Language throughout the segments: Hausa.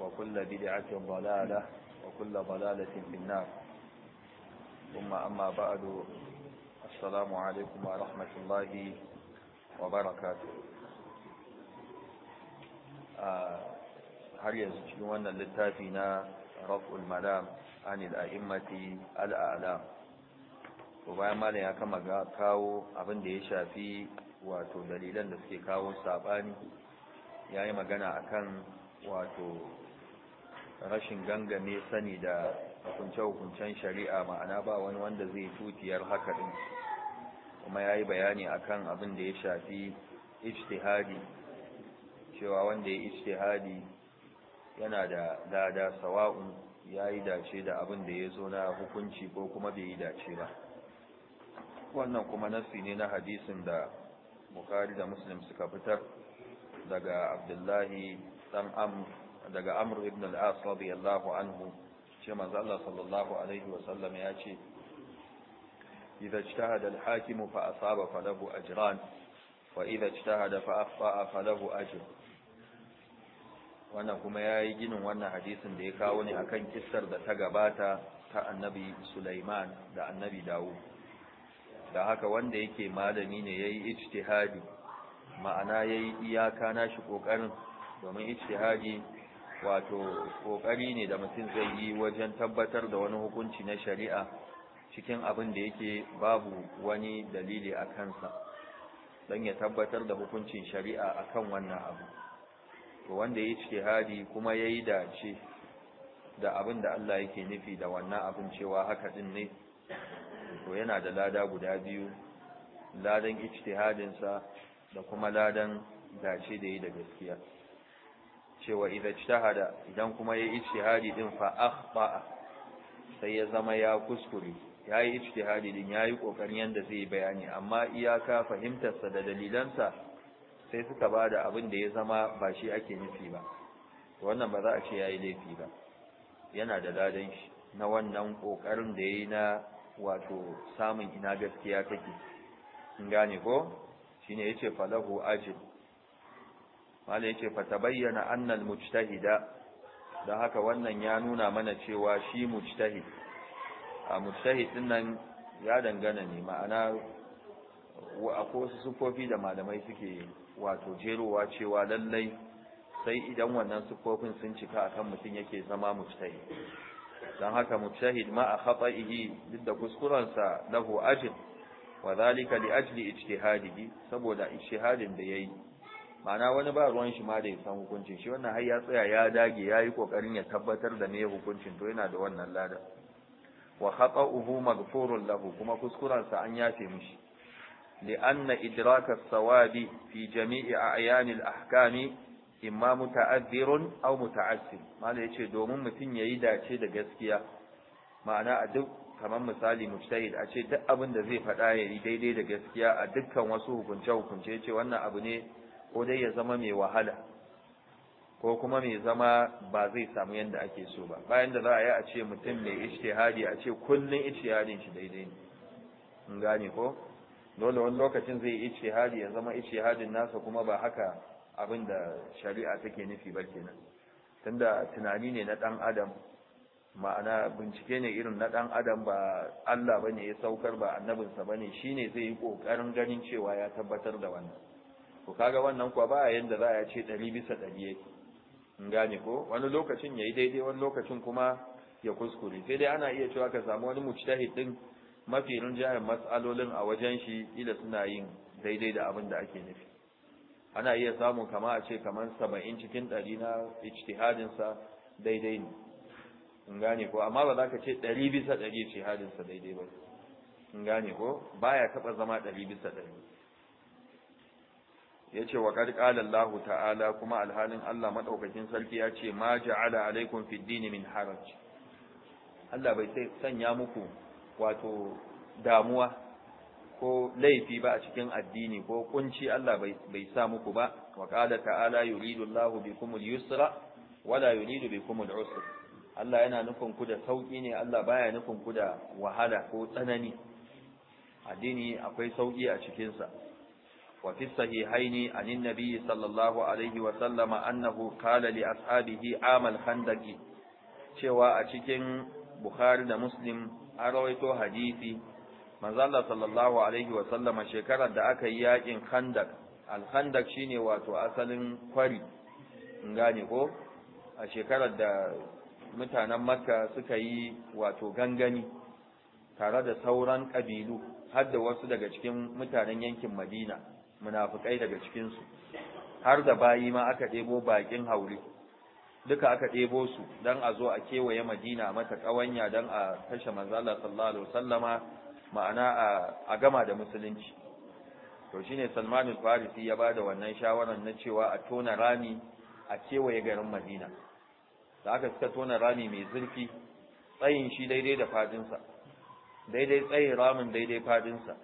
وكل بدعة ضلالة وكل ضلالة في النار ثم أما بعد السلام عليكم ورحمة الله وبركاته har yanzu cikin wannan littafi na raf'ul malam anil a'immati al'alam to bayan malam ya kama kawo abin da ya shafi wato dalilan da suke kawo sabani yayi magana akan wato rashin gangame sani da hukunce-hukuncen shari'a ma'ana ba wani wanda zai tutiyar haka ɗin kuma ya yi bayani a kan abin da ya shafi ijtihadi cewa wanda ya ijtihadi yana da dada sawa'un ya yi dace da abin da ya zo na hukunci ko kuma bai yi dace ba wannan kuma nasi ne na hadisin da bukari da muslim suka fitar daga abdullahi dan amur daga Amur ibn al-as radiyallahu anhu ce manzo Allah sallallahu alaihi wa sallam ya ce idza ijtahada al-hakimu fa asaba falahu ajran wa idza ijtahada fa akhta falahu ajr wannan kuma yayi ginin wannan hadisin da ya kawo ne akan kissar da ta gabata ta annabi Sulaiman da annabi Dawud da haka wanda yake malami ne yayi ijtihadi ma'ana yayi iyaka nashi kokarin domin ijtihadi wato kokari ne da mutum zai yi wajen tabbatar da wani hukunci na shari'a cikin abin da yake babu wani dalili a kansa don ya tabbatar da hukuncin shari'a a kan wannan abu to wanda ya cike hadi kuma ya yi dace da abin da Allah yake nufi da wannan abin cewa haka din ne to yana da lada guda biyu ladan ijtihadinsa da kuma ladan dace da yi da gaskiya cewa idan ijtahada idan kuma yayi ijtihadi din fa akhta sai ya zama ya kuskure yayi ijtihadi din yayi kokarin yanda zai bayani amma iyaka fahimtarsa da dalilansa sai suka bada abin da ya zama ba shi ake nufi ba wannan ba za a ce yayi laifi ba yana da ladan shi na wannan kokarin da yayi na wato samun ina gaskiya take in gane ko shine yace falahu ajil fa yake bayyana annal mujtahida da haka wannan ya nuna mana cewa shi mujtahid a mujtahid din nan ya dangana ne ma'ana akwai sufofi da malamai suke wato jerowa cewa lallai sai idan wannan sufofin sun cika akan mutum yake zama mujtahid dan haka mujtahid ma a khata'ihi duk da kuskurensa lahu ajr wa zalika li ajli ijtihadihi saboda ijtihadin da yayi ma'ana wani ba ruwan shi ma da ya san hukuncin shi wannan har ya tsaya ya dage ya yi kokarin ya tabbatar da me hukuncin to yana da wannan lada wa khata'uhu maghfurun lahu kuma kuskuren sa an yafe mishi li'anna idraka as-sawabi fi jami'i a'yan al-ahkami imma muta'addirun aw muta'assim mala yace domin mutun yayi dace da gaskiya ma'ana a duk kamar misali mujtahid a ce duk abin da zai faɗa yayi daidai da gaskiya a dukkan wasu hukunce hukunce yace wannan abu ne ko dai ya zama mai wahala ko kuma mai zama ba zai samu yadda ake so ba bayan da za a yi a ce mutum mai isci-hadi a ce kullum ijtihadin shi daidai ne in gane ko dole wani lokacin zai ijtihadi ya zama ijtihadin nasa kuma ba haka abin da shari'a take nufi ba kenan tunda tunani ne na ɗan adam ma'ana bincike ne irin na ɗan adam ba Allah bane ya saukar ba annabinsa bane shine zai yi kokarin ganin cewa ya tabbatar da wannan ko kaga wannan kuwa ba yanda za a ce ɗari bisa ɗari yake in gane ko wani lokacin ya yi daidai wani lokacin kuma ya kuskure sai dai ana iya cewa ka samu wani mujtahid din mafi rinjayen matsalolin a wajen shi ila suna yin daidai da abin da ake nufi ana iya samu kama a ce kamar saba'in cikin ɗari na ijtihadinsa daidai ne in gane ko amma ba za ka ce ɗari bisa ɗari ijtihadinsa daidai ba in gane ko baya taɓa zama ɗari bisa ɗari yace wa qad ta'ala kuma alhalin Allah maɗaukakin sarki ya ce ma ja'ala alaikum fiddi min haraj Allah bai sanya muku wato damuwa ko laifi ba a cikin addini ko kunci Allah bai sa muku ba wa qala ta'ala yuridu Allahu bikumul yusra wala yuridu bikumul usra Allah yana nufin ku da sauƙi ne Allah baya nufin ku da wahala ko tsanani addini akwai sauƙi a cikinsa. وفي الصحيحين عن النبي صلى الله عليه وسلم أنه قال لأصحابه عام الخندق شوى أشكين بخاري مسلم أرويت حديثي manzala sallallahu shekarar da aka yi yakin handak al-khandak shine wato asalin kwari in gane ko a shekarar da mutanen makka suka yi wato gangani tare da sauran kabilu har da wasu daga cikin mutanen yankin madina Munafukai daga cikin su har da bayi ma aka ɗebo baƙin hauri, duka aka ɗebo su dan a zo a kewaye Madina mata ƙawanya dan a kashe manzo Allah sallallahu alaihi wasallama ma'ana a gama da musulunci to shine Salman al-Farisi ya bada wannan shawaran na cewa a tona rami a kewaye garin Madina da aka suka tona rami mai zurfi tsayin shi daidai da fadinsa daidai tsayin ramin daidai fadinsa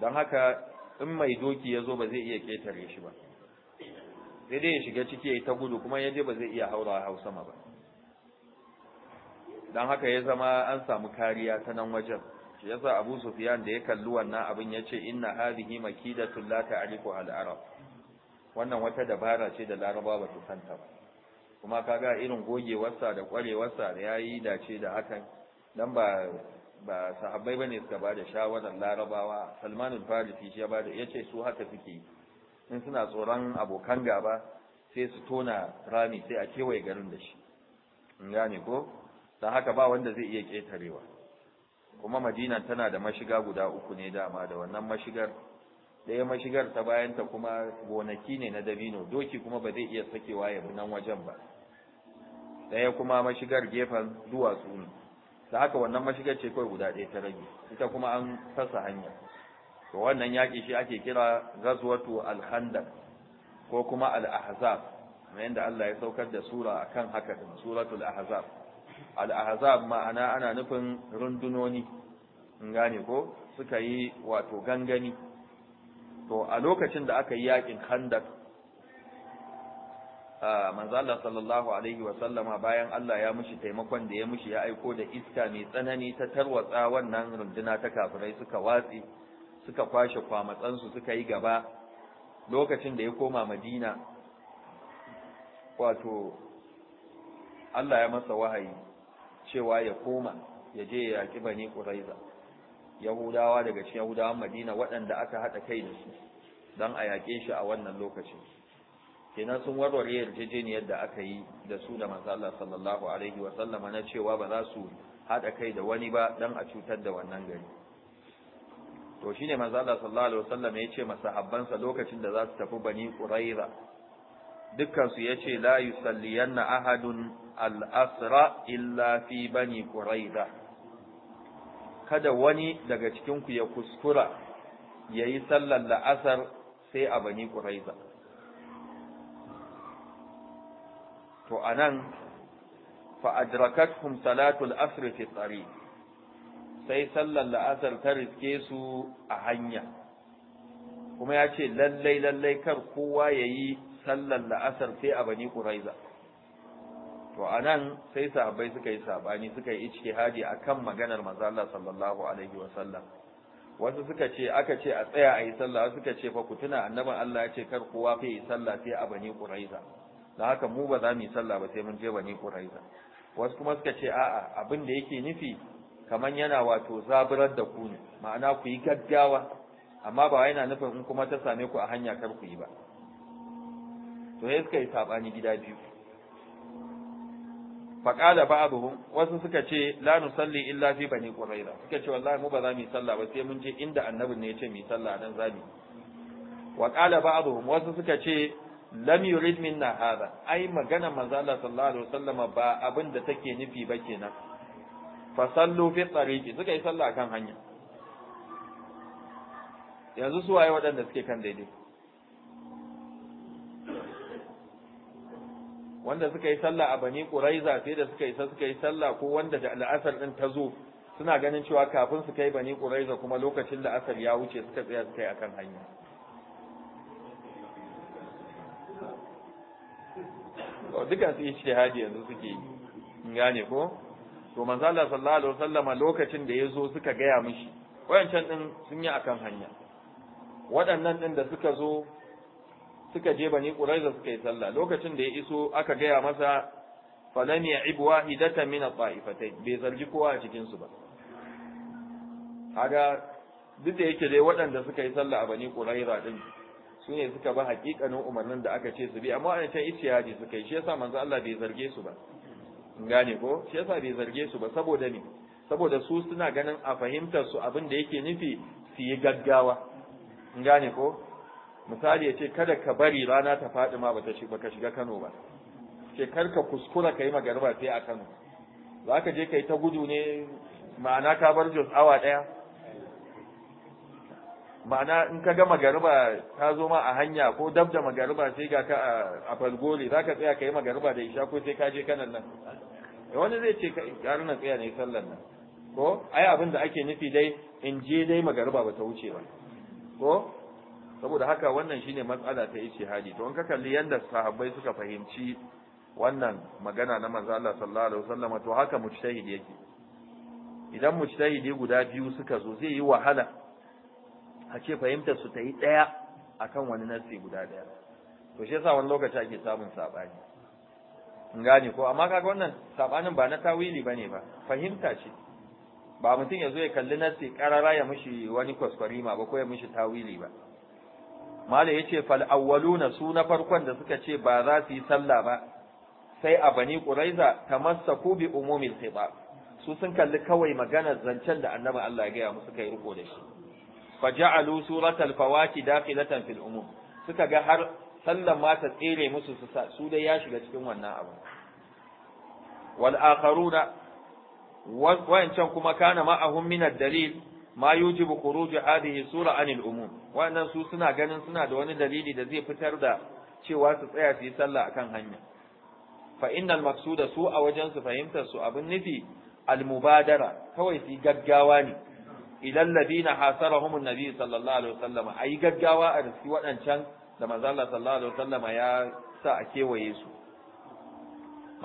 don haka in mai doki ya zo ba zai iya ketare shi ba sai dai ya shiga ciki ya yi ta gudu kuma ya je ba zai iya haura hau sama ba don haka ya zama an samu kariya ta nan wajen shi yasa Abu Sufyan da ya kalli wannan abin ya ce inna hadhihi makidatun la ta'rifu al-arab wannan wata dabara ce da Laraba ba su santa ba kuma kaga irin gogewarsa da kwarewarsa da yayi dace da hakan dan ba ba sahabbai bane suka ba da shawarar larabawa salman al-farisi shi ya ba da ce su haka suke in suna tsoron abokan gaba sai su tona rami sai a kewaye garin da shi in gane ko dan haka ba wanda zai iya ketarewa kuma madina tana da mashiga guda uku ne dama da wannan mashigar ɗaya mashigar ta bayanta kuma gonaki ne na dabino doki kuma ba zai iya sakewa ya bi nan wajen ba ɗaya kuma mashigar gefen duwatsu ne da haka wannan mashigar ce kawai guda ɗaya ta rage ita kuma an fasa hanya to wannan yaƙi shi ake kira ghazwatu al-khandaq ko kuma al-ahzab kamar yadda Allah ya saukar da sura akan haka din suratul ahzab al-ahzab ma'ana ana nufin rundunoni in gane ko suka yi wato gangani to a lokacin da aka yi yaƙin khandaq manzo Allah sallallahu alaihi wa sallama bayan Allah ya mushi taimakon da ya mushi ya aiko da iska mai tsanani ta tarwatsa wannan runduna ta kafirai suka watsi suka kwashe kwamatsan su suka yi gaba lokacin da ya koma Madina wato Allah ya masa wahayi cewa ya koma ya je ya yaki Bani Quraiza Yahudawa daga cikin Yahudawan Madina waɗanda aka haɗa kai da su don a yaƙe shi a wannan lokacin kenan sun warware yarjejeniyar da aka yi da su da manzo Allah sallallahu alaihi wa sallama na cewa ba za su hada kai da wani ba dan a cutar da wannan gari to shine manzo Allah sallallahu alaihi wa sallama yace masahabbansa lokacin da za su tafi bani quraiza dukkan su yace la na ahadun al'asra asra illa fi bani quraiza kada wani daga cikin ya kuskura yayi sallar la'asar sai a bani quraiza to anan fa adrakatkum salatul asr fi tariq sai sallar la'asar ta riske su a hanya kuma ya ce lallai lallai kar kowa ya yi sallar la'asar sai a bani ƙuraiza to a sai sahabbai suka yi saɓani suka yi ice haji a kan maganar sallallahu alaihi wasallam wasu suka ce aka ce a tsaya a yi sallah suka ce fa ku tuna annaban Allah ya ce kar kowa fa yi sallah sai a bani ƙuraiza da haka mu ba za mu yi sallah ba sai mun je bani quraiza wasu kuma suka ce a'a abin da yake nufi kaman yana wato zaburar da ku ne ma'ana ku yi gaggawa amma ba yana nufin in kuma ta same ku a hanya kar ku yi ba to sai suka yi sabani gida biyu faqala ba'dhum wasu suka ce la nusalli illa fi bani quraiza suka ce wallahi mu ba za mu yi sallah ba sai mun je inda annabin ne ya ce mu yi sallah dan zabi wa qala ba'dhum wasu suka ce lam yurid minna hada ai magana manzo Allah sallallahu alaihi wasallam ba abin da take nufi ba kenan fa sallu fi tariqi suka yi sallah kan hanya yanzu su waye waɗanda suke kan daidai wanda suka yi sallah a bani quraiza sai da suka isa suka yi sallah ko wanda da al'asar din ta zo suna ganin cewa kafin su kai bani quraiza kuma lokacin da asar ya wuce suka tsaya suka yi akan hanya duka su ijtihadi yanzu suke yi gane ko to manzo Allah sallallahu alaihi wasallama lokacin da yazo suka gaya mishi wayancan din sun yi akan hanya waɗannan din da suka zo suka je bani quraiza suka yi sallah lokacin da ya iso aka gaya masa falam ya'ib wahidatan min at taifatay bai zargi kowa a cikin su ba kaga duk da yake dai waɗanda suka yi sallah a bani quraiza din su ne suka ba hakikanin umarnin da aka ce su bi amma can ta ijtihadi suka yi shi yasa manzo Allah bai zarge su ba gane ko shi yasa bai zarge su ba saboda ne saboda su suna ganin a fahimtar su abin da yake nufi su yi gaggawa gane ko misali yace kada ka bari rana ta faɗi ma bata shiga baka shiga Kano ba ce karka kuskura kai magarba sai a Kano zaka je kai ta gudu ne ma'ana ka bar jos awa daya ma'ana in ka ga magariba ta zo ma a hanya ko dabda da magariba sai ga ka a falgole za ka tsaya ka yi magariba da isha ko sai ka je kanan nan wani zai ce yarin nan tsaya ne sallan nan ko ai abin da ake nufi dai in je dai magariba ba ta wuce ba ko saboda haka wannan shine matsala ta hadi to in ka kalli yadda sahabbai suka fahimci wannan magana na manzo Allah sallallahu alaihi wasallam to haka mujtahid yake idan mujtahidi guda biyu suka zo zai yi wahala a ce fahimtar su ta yi ɗaya a kan wani nassi guda ɗaya to shi yasa wani lokaci ake samun saɓani in gane ko amma kaga wannan saɓanin ba na tawili ba ne ba fahimta ce ba mutum ya zo ya kalli nassi ƙarara ya mishi wani kwaskwarima ba ko ya mishi tawili ba mala ya ce na su na farkon da suka ce ba za su yi sallah ba sai a bani ƙuraiza ta masa bi umumin sai ba su sun kalli kawai maganar zancen da annabi Allah ya gaya musu kai riko da shi faja'alu suratal fawaki dakhilatan fil umum suka ga har sallan ma ta tsere musu su sa su dai ya shiga cikin wannan abu wal akharuna wa'ancan kuma kana ma'ahum min ad-dalil ma yujibu khuruj hadhihi sura anil umum wa'annan su suna ganin suna da wani dalili da zai fitar da cewa su tsaya su yi sallah akan hanya fa innal maqsuda su a wajen su fahimtar su abin nufi al mubadara kawai su gaggawa ne ilal ladina hasarahum annabi sallallahu alaihi wasallam ayi gaggawa a riski waɗancan da manzo Allah sallallahu alaihi wasallam ya sa a kewaye su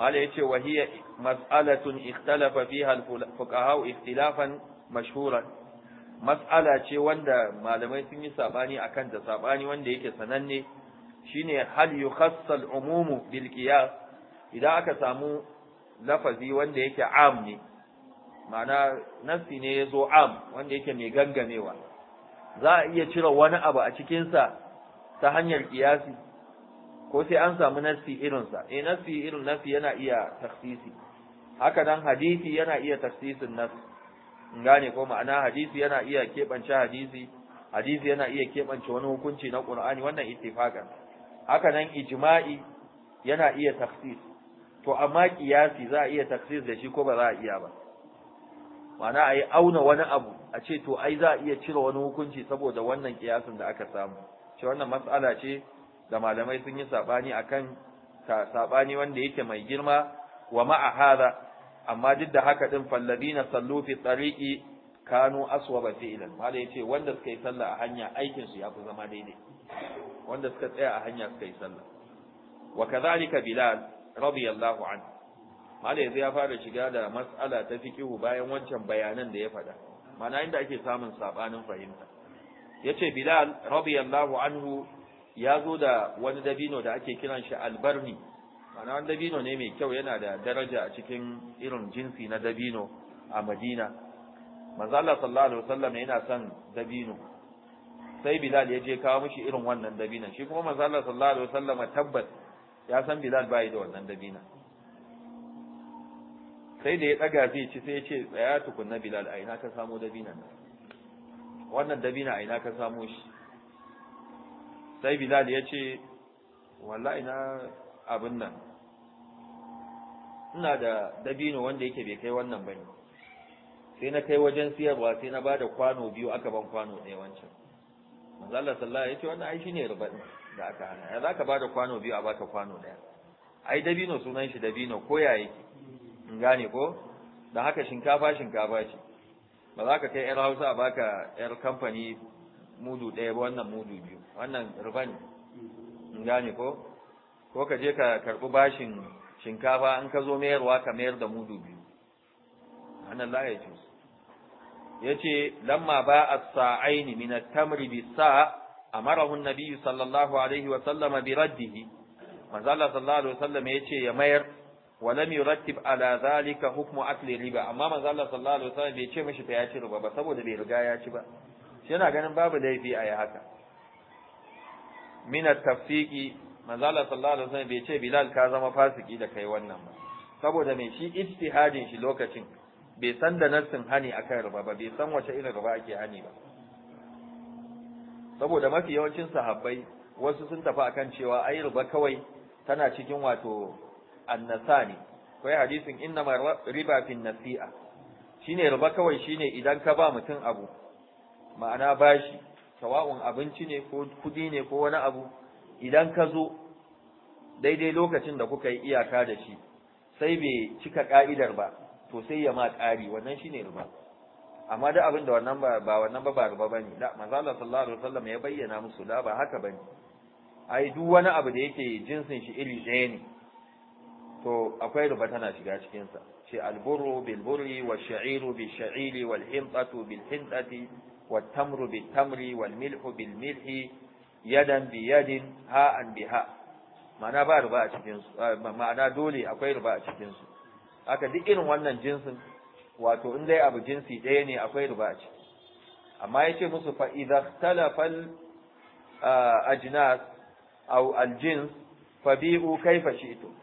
mala yace wa hiya mas'alatun ikhtalafa fiha al-fuqaha ikhtilafan mashhuran mas'ala ce wanda malamai sun yi sabani akan ta sabani wanda yake sananne shine hal yukhassa al-umumu bil qiyas idan aka samu lafazi wanda yake am ne ma'ana nafsi ne ya zo am wanda yake mai gangamewa za a iya cire wani abu a cikinsa ta hanyar kiyasi ko sai an samu nafsi irinsa eh nafsi irin nafsi yana iya taksisi haka nan hadisi yana iya taksisin nassi gane ko ma'ana hadisi yana iya keɓance hadisi hadisi yana iya keɓance wani hukunci na Qur'ani wannan ittifaqan haka nan ijma'i yana iya taksis to amma kiyasi za a iya taksis da shi ko ba za a iya ba ma'ana a yi auna wani abu a ce to ai za a iya cire wani hukunci saboda wannan kiyasin da aka samu ce wannan matsala ce da malamai sun yi saɓani a kan saɓani wanda yake mai girma wa ma'a hada amma duk da haka ɗin na sallu fi tsariƙi kanu aswaba fi'lan ya yace wanda suka yi sallah a hanya aikin su yafi zama daidai wanda suka tsaya a hanya suka yi sallah wa kadhalika bilal radiyallahu anhu mala yanzu ya fara shiga da mas'ala ta fikihu bayan wancan bayanan da ya faɗa mana inda ake samun sabanin fahimta yace Bilal radiyallahu anhu ya zo da wani dabino da ake kiran shi albarni mana wani dabino ne mai kyau yana da daraja a cikin irin jinsi na dabino a Madina manzo Allah sallallahu alaihi wasallam yana son dabino sai Bilal ya je kawo mishi irin wannan dabinan shi kuma manzo Allah sallallahu alaihi wasallam tabbas ya san Bilal bai da wannan dabinan sai da ya daga zai ci sai ya ce tsaya na bilal a ina ka samo dabinan nan wannan dabina a ina ka samo shi sai bilal ya ce walla ina abin nan ina da dabino wanda yake bai kai wannan bane sai na kai wajen siyarwa sai na bada kwano biyu aka ban kwano ɗaya wancan manzo Allah sallallahu alaihi wasallam ai shine riba da aka hana ya zaka bada kwano biyu a baka kwano ɗaya ai dabino sunan shi dabino ko yaya yake in gane ko da haka shinkafa shinkafa ce ba za ka kai yar hausa a baka yar kamfani mudu ɗaya ba wannan mudu biyu wannan rufani in gane ko ko ka je ka karɓi bashin shinkafa in ka zo mayarwa ka mayar da mudu biyu wannan la ya ce ya ce lamma ba a sa'aini min tamri bi sa amarahu nabiyyu sallallahu alaihi wa sallama bi raddihi manzo Allah sallallahu alaihi wa sallama ya ce ya mayar wa lam yurattib ala zalika hukmu akli riba amma manzo Allah sallallahu alaihi wasallam bai ce mishi fa ya ci riba ba saboda bai riga ya ci ba shi yana ganin babu laifi a yi haka min at-tafsiqi manzo Allah sallallahu alaihi wasallam bai ce Bilal ka zama fasiki da kai wannan ba saboda me shi ijtihadin shi lokacin bai san da nassin hani akan riba ba bai san wace irin riba ake hani ba saboda mafi yawancin sahabbai wasu sun tafi akan cewa ai riba kawai tana cikin wato annasani kai hadisin inna riba fi nasi'a shine riba kawai shine idan ka ba mutum abu ma'ana bashi tawawun abinci ne ko kudi ne ko wani abu idan ka zo daidai lokacin da kuka yi iyaka da shi sai bai cika ka'idar ba to sai ya ma ƙari wannan shine riba amma da abin da wannan ba wannan ba ba riba bane da manzo Allah sallallahu alaihi wasallam ya bayyana musu da ba haka bane ai duk wani abu da yake jinsin shi iri ɗaya ne to akwai ruba tana shiga cikinsa. sa ce alburu bil burri wa sha'iru bil sha'iri wal himtatu bil himtati wat tamru bil tamri wal milhu bil milhi yadan bi yadin ha'an bi ha ma'ana ba ruba a cikinsu. ma'ana dole akwai ruba a cikinsu. haka duk irin wannan jinsin wato in dai abu jinsi ɗaya ne akwai ruba a ciki amma ya ce musu fa idza ikhtalafa al ajnas aw al jins fabi'u kaifa shi'tum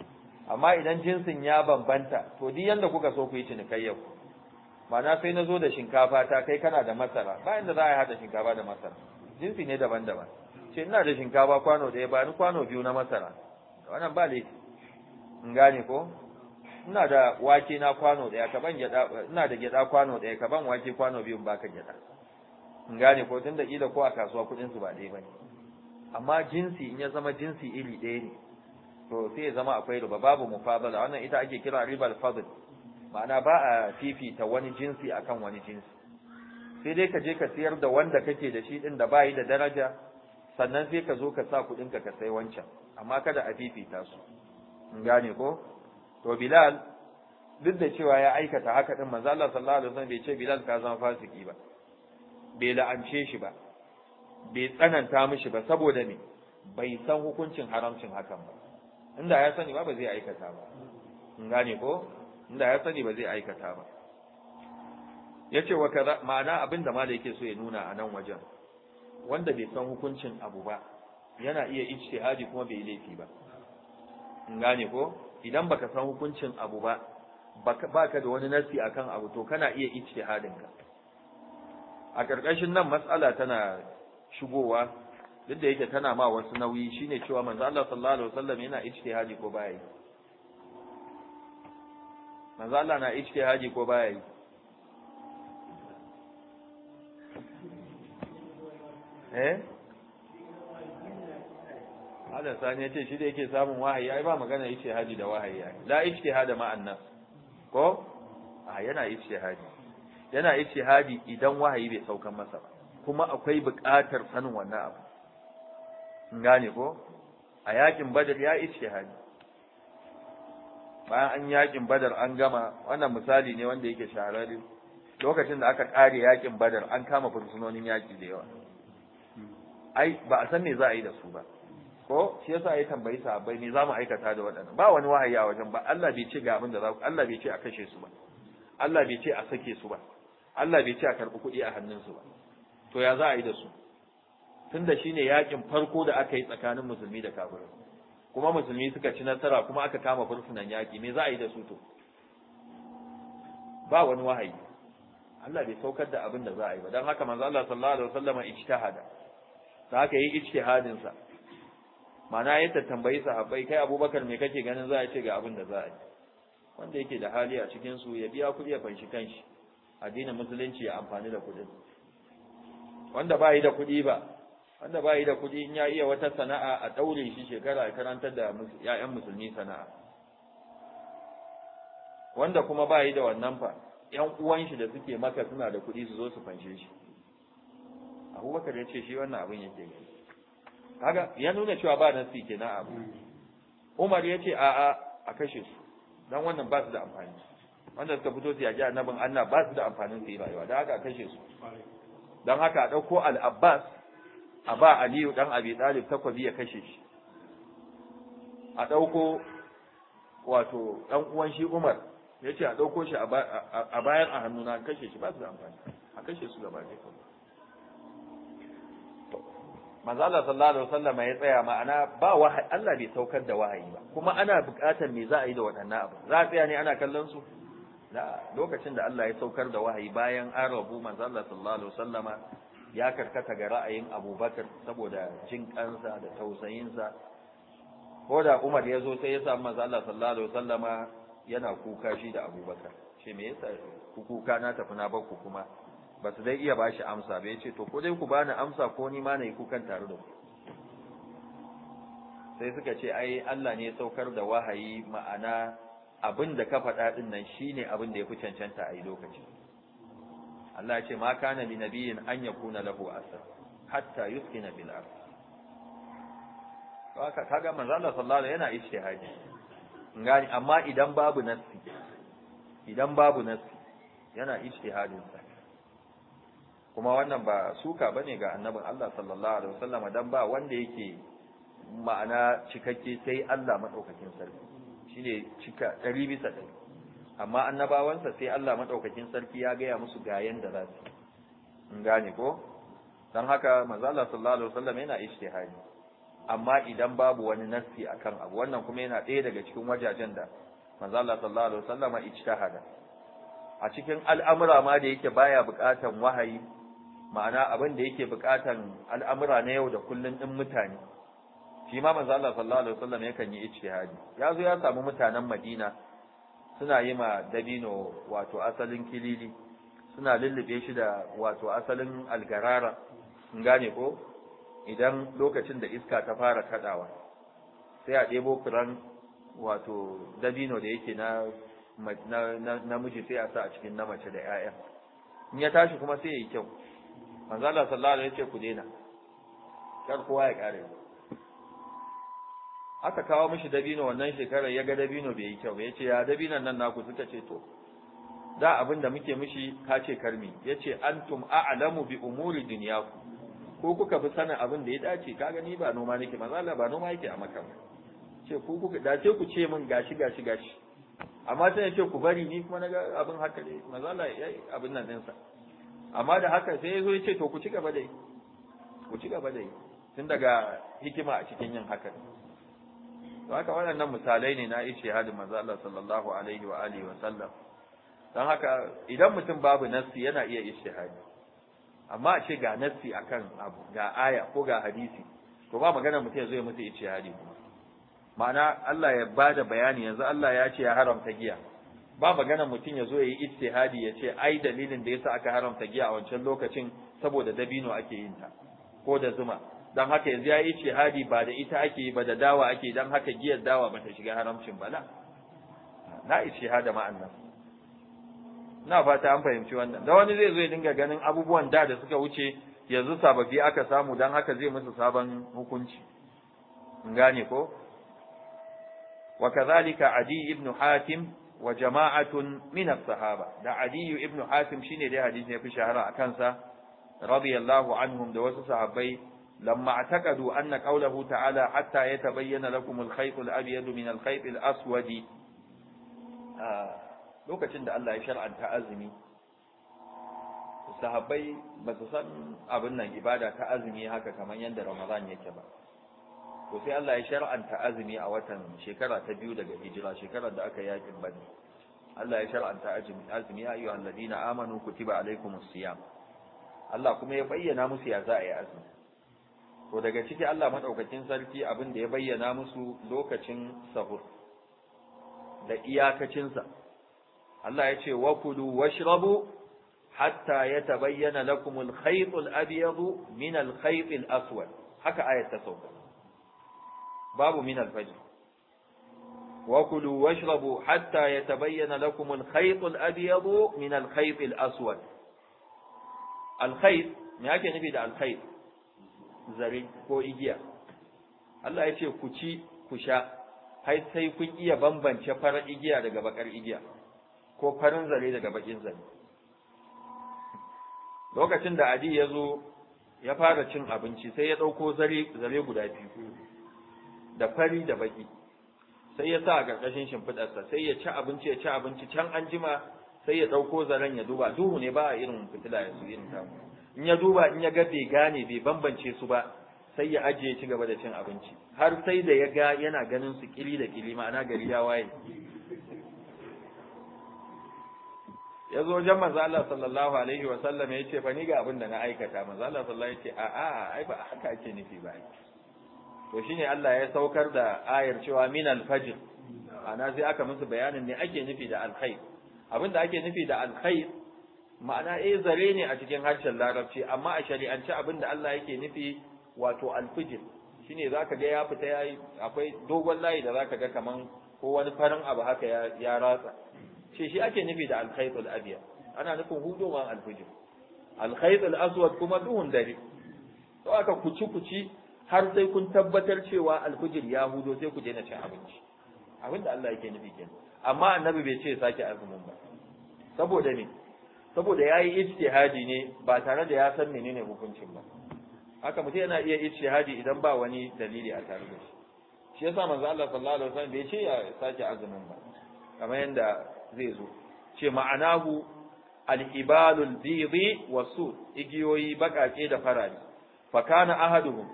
amma idan jinsin ya bambanta to duk yanda kuka so ku yi cinikayyar ku sai na zo da shinkafa ta kai kana da masara ba inda za a haɗa shinkafa da masara jinsi ne daban-daban ce ina da shinkafa kwano ɗaya ba ni kwano biyu na masara wannan ba laifi in gane ko ina da wake na kwano ɗaya ka ban gyaɗa ina da gyaɗa kwano ɗaya ka ban wake kwano biyu ba ka gyaɗa in gane ko tunda kila ko a kasuwa kuɗin su ba ɗaya bane amma jinsi in ya zama jinsi iri ɗaya ne to sai ya zama akwai riba babu mufadala wannan ita ake kira ribal fadl ma'ana ba a fifita wani jinsi akan wani jinsi sai dai ka je ka siyar da wanda kake da shi din da bai da daraja sannan sai ka zo ka sa kudin ka ka sai wancan amma kada a fifita su in gane ko to Bilal duk da cewa ya aikata haka din manzo Allah sallallahu alaihi wasallam bai ce Bilal ka zama fasiki ba bai la'ance shi ba bai tsananta mishi ba saboda me bai san hukuncin haramcin hakan ba inda ya sani ba ba zai aikata ba in gane ko inda ya sani ba zai aikata ba yace wa kaza ma'ana abinda da da yake so ya nuna a nan wajen wanda bai san hukuncin abu ba yana iya ijtihadi kuma bai laifi ba in gane ko idan baka san hukuncin abu ba baka da wani nasi akan abu to kana iya ijtihadin ka a karkashin nan mas'ala tana shigowa duk da yake tana ma wasu nauyi shine cewa manzo Allah sallallahu alaihi wasallam yana ijtihadi ko baya yi manzo Allah na ijtihadi ko baya yi eh Allah sani yace shi da yake samun wahayi ai ba magana haji da wahayi ai la ijtihada ma annas ko a yana ijtihadi yana ijtihadi idan wahayi bai saukan masa ba kuma akwai buƙatar sanin wannan abu gane ko a yakin badar ya hali. bayan an yakin badar an gama wannan misali ne wanda yake shahararri lokacin da aka kare yakin badar an kama fursunonin yaki da yawa ai ba a san me za a yi da su ba ko shi yasa ai tambayi sahabbai me za mu aikata da waɗannan ba wani wahayi a wajen ba Allah bai ce ga abin da za ku Allah bai ce a kashe su ba Allah bai ce a sake su ba Allah bai ce a karɓi kuɗi a hannunsu ba to ya za a yi da su tunda shine yakin farko da aka yi tsakanin musulmi da kafirai kuma musulmi suka ci nasara kuma aka kama furfunan yaki me za a yi da su to ba wani wahayi Allah bai saukar da abin da za a yi ba dan haka manzo Allah sallallahu alaihi wasallam ijtihada da haka yi ijtihadin sa mana ya tambayi sahabbai kai Abubakar me kake ganin za a ce ga abin da za a yi wanda yake da hali a cikin su ya biya kuɗi ya fanshi kanshi addinin musulunci ya amfani da kuɗin wanda ba yi da kuɗi ba wanda bai da kuɗi in ya iya wata sana'a a daure shi shekara a karantar da 'ya'yan musulmi sana'a wanda kuma bai da wannan fa ƴan uwan shi da suke maka suna da kuɗi su zo su fanshe shi Abubakar ya ce shi wannan abin yake yi kaga ya nuna cewa ba nasi na abu Umar ya ce a'a a kashe su dan wannan ba su da amfani wanda suka fito su yaƙi annabin Allah ba su da amfanin su yi rayuwa dan haka a kashe su dan haka a ɗauko al-Abbas a ba aliyu dan abi talib takwabi ya kashe shi a ɗauko wato ɗan uwan shi umar ya ce a ɗauko shi a bayan a hannuna kashe shi ba su da amfani a kashe su gaba ne manzo Allah sallallahu alaihi wasallam ya tsaya ma'ana ba wahayi Allah bai saukar da wahayi ba kuma ana buƙatar me za a yi da waɗannan abu za a tsaya ne ana kallon su la lokacin da Allah ya saukar da wahayi bayan an rabu manzo Allah sallallahu alaihi wasallama ya karkata ga ra'ayin abubakar saboda jin kansa da tausayinsa ko da umar ya zo sai ya samu manzo Allah sallallahu alaihi wasallama yana kuka shi da abubakar ce me yasa ku kuka na tafi na bakku kuma ba su dai iya ba shi amsa ba ya ce to ko dai ku bani amsa ko ni ma na yi kukan tare da ku sai suka ce ai Allah ne ya saukar da wahayi ma'ana abin da ka faɗa ɗin nan shine abin da ya fi cancanta a yi lokaci Allah ya ce ma kana bi nabiyin an kuna lahu asar hatta yuskina bil ard haka kaga manzo Allah sallallahu alaihi yana ijtihadi ngani amma idan babu nassi idan babu nassi yana ijtihadin sa kuma wannan ba suka bane ga annabin Allah sallallahu alaihi wasallam dan ba wanda yake ma'ana cikakke sai Allah madaukakin sarki shine cika 100 bisa 100 amma annabawansa sai Allah madaukakin sarki ya gaya musu ga yanda za su in gane ko dan haka manzo Allah sallallahu alaihi wasallam yana ijtihadi amma idan babu wani nassi akan abu wannan kuma yana ɗaya daga cikin wajajen da manzo Allah sallallahu alaihi wasallam ijtihada a cikin al'amura ma da yake baya buƙatan wahayi ma'ana abin da yake buƙatan al'amura na yau da kullun din mutane shi ma manzo Allah sallallahu alaihi wasallam yakan yi ijtihadi ya zo ya samu mutanen Madina suna yi ma dabino wato asalin kilili suna lullube shi da wato asalin algarara in gane ko idan lokacin da iska ta fara kadawa sai a ɗebo furan wato dabino da yake na namiji sai a sa a cikin na mace da 'ya'ya in ya tashi kuma sai ya yi kyau manzo Allah sallallahu alaihi ya ce ku daina kar kowa ya kare aka kawo mishi dabino wannan shekarar ya ga dabino bai yi kyau ba yace ya dabinan nan naku suka ce to da abin da muke mishi ka ce karmi yace antum a'lamu bi umuri dunyaku ko kuka fi sanin abin da ya dace ka gani ba noma nake manzo ba noma yake a maka ba ce ku kuka ce ku ce min gashi gashi gashi amma sai ya ce ku bari ni kuma naga abin haka ne manzo Allah ya abin nan ɗinsa amma da haka sai ya zo ya ce to ku ci gaba da yi ku ci gaba da yi tun daga hikima a cikin yin haka ne to haka waɗannan misalai ne na hadin manzo Allah sallallahu alaihi wa alihi wa sallam dan haka idan mutum babu nassi yana iya hadin, amma a ce ga nassi akan abu ga aya ko ga hadisi to ba magana mutum ya zo ya mutu kuma ma'ana Allah ya bada bayani yanzu Allah ya ce ya haramta giya ba magana mutum ya zo ya yi ijtihadi ya ce ai dalilin da yasa aka haramta giya a wancan lokacin saboda dabino ake yin ta ko da zuma dan haka yanzu ya yi shahadi ba da ita ake ba da dawa ake dan haka giyar dawa ba ta shiga haramcin ba na yi ma annan na fata an fahimci wannan da wani zai zo ya dinga ganin abubuwan da da suka wuce yanzu sababbi aka samu dan haka zai musu sabon hukunci gane ko Wa Ibn hatim wa jama'atun min as-sahaba da adi ibn shi shine dai hadisi ya fi shahara a kansa. radiyallahu anhum da wasu sahabbai لما اعتقدوا أن قوله تعالى حتى يتبين لكم الخيط الأبيض من الخيط الأسود lokacin da Allah ya shar'anta azumi sahabbai ba su san abin nan ibada ta azumi haka kamar yadda Ramadan yake ba to sai Allah ya shar'anta azumi a watan shekara ta biyu daga hijira shekarar da aka yakin bane Allah ya shar'anta azumi azumi ya ayyuhal ladina amanu kutiba alaikumus siyam Allah kuma ya bayyana musu ya za a yi azumi to daga ciki Allah madaukakin sarki abin da ya bayyana musu lokacin sahur da iyakacin sa Allah ya ce wa kulu washrabu hatta yatabayyana lakum al-khayt al-abyad min al-khayt al-aswad haka ayat ta sauka babu min al-fajr wa kulu washrabu hatta yatabayyana lakum al-khayt al-abyad min al-khayt al-aswad al-khayt me yake nufi da al-khayt zare ko igiya Allah ya ce ku ci ku sha har sai kun iya bambance farar igiya daga bakar igiya ko farin zare daga bakin zare lokacin da adi ya zo ya fara cin abinci sai ya ɗauko zare zare guda biyu da fari da baki sai ya sa a ƙarƙashin shimfiɗarsa sai ya ci abinci ya ci abinci can an jima sai ya ɗauko zaren ya duba duhu ne ba a irin fitila ya su irin tamu in ya duba in ya ga bai gane bai bambance su ba sai ya ajiye ci gaba da cin abinci har sai da ya ga yana ganin su kili da kili ma'ana gari ya waye ya zo wajen manzo Allah sallallahu alaihi wa sallam ya ce fa ni ga abin da na aikata manzo Allah sallallahu alaihi ya ce a a ai ba haka ake nufi ba to shine Allah ya saukar da ayar cewa min al-fajr ana sai aka musu bayanin ne ake nufi da al-khair abin da ake nufi da al-khair ma'ana eh zare ne a cikin harshen larabci amma a shari'ance abin da Allah yake nufi wato alfijir shine zaka ga ya fita yayi akwai dogon layi da zaka ga kaman ko wani farin abu haka ya ratsa shi shi ake nufi da alkhaytul abyad ana nufin hudoman alfijir alkhaytul aswad kuma duhun dare to aka kuci kuci har sai kun tabbatar cewa alfijir ya hudo sai ku daina cin abinci abin da Allah yake nufi kenan amma annabi bai ce sake azumin ba saboda ne saboda ya yi ijtihadi ne ba tare da ya san menene hukuncin ba haka mutum yana iya ijtihadi idan ba wani dalili a tare da shi shi yasa manzo Allah sallallahu alaihi wasallam bai ce ya sake azumin ba kamar yanda zai zo ce ma'anahu al-ibalul bidhi wasu igiyoyi bakake da farari fa kana ahaduhum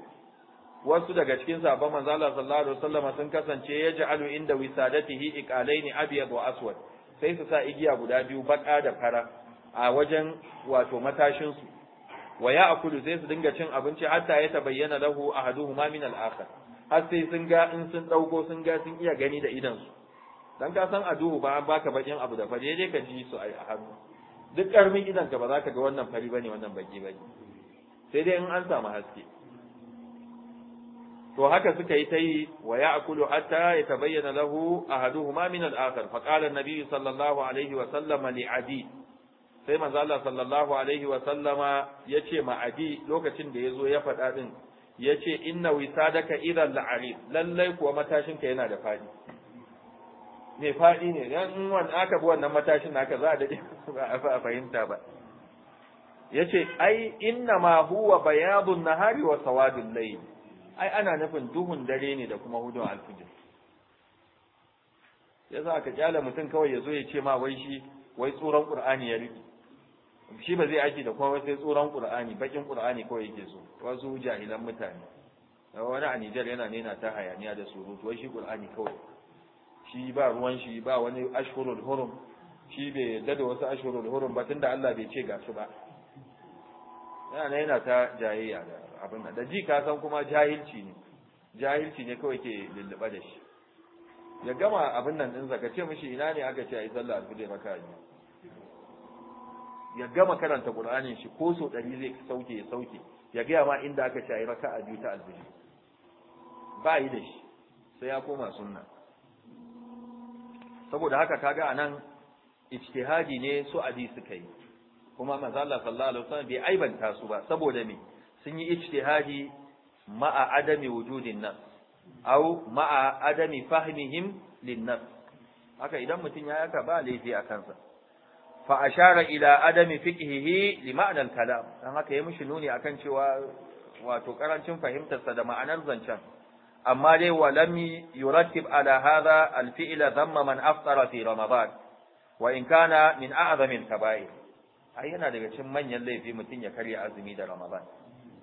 wasu daga cikin sahabban manzo Allah sallallahu alaihi wasallam sun kasance ja'alu inda wisadatihi iqalaini abyad wa aswad sai su sa igiya guda biyu baka da fara a wajen wato matashin su wa ya'kulu sai su dinga cin abinci hatta ya tabayyana lahu ahaduhuma min al-akhar har sai sun ga in sun dauko sun ga sun iya gani da idan su dan ka san aduhu ba an baka bakin abu da fari dai ka ji su a hannu duk karmin idan ka ba za ka ga wannan fari bane wannan baki bane sai dai in an samu haske to haka suka yi ta yi wa ya'kulu hatta ya yatabayyana lahu ahaduhuma min al-akhar fa qala an-nabi sallallahu alaihi wa sallam li adi sai manzo sallallahu alaihi wa sallama yace ma adi lokacin da yazo ya faɗa din yace inna wisadaka idan la'arid lallai kuwa matashin ka yana da fadi me fadi ne dan in wan aka bi wannan matashin naka za a dade ba a fahimta ba yace ai inna ma huwa bayadun nahari wa sawadul layl ai ana nufin duhun dare ne da kuma hudun alfajir yasa ka kyale mutum kawai yazo ya ce ma wai shi wai tsoron qur'ani ya rike. shi ba zai aiki da komai sai tsoron qur'ani bakin qur'ani kawai yake so wasu jahilan mutane wani a Nijar yana nena ta hayaniya da surutu wai shi qur'ani kawai shi ba ruwan shi ba wani ashhurul hurum shi bai yarda da wasu ashhurul hurum ba tunda Allah bai ce ga su ba yana yana ta jayayya da abin da ji ka san kuma jahilci ne jahilci ne kawai ke lullube da shi ya gama abin nan din zaka ce mishi ina ne aka ce ai sallah alfajr raka'a ya gama karanta qur'anin shi ko so ɗari zai sauke ya sauke ya gaya ma inda aka shayi raka a biyu ta ba yi da shi sai ya koma sunna saboda haka kaga anan ijtihadi ne su adi suka yi kuma manzo Allah sallallahu alaihi wasallam bai aibanta su ba saboda me sun yi ijtihadi ma'a adami wujudin nas au ma'a adami fahimihim lin nas haka idan mutum ya yaka ba laifi a kansa fa ashara ila adami fiqhihi li ma'anar kalam dan haka ya mishi nuni akan cewa wato karancin fahimtarsa da ma'anar zancen amma dai wa yurattib ala hadha al fi'la dhamma man aftara fi ramadan wa in kana min a'zami al kaba'ir ai yana daga cikin manyan laifi mutun ya karya azumi da ramadan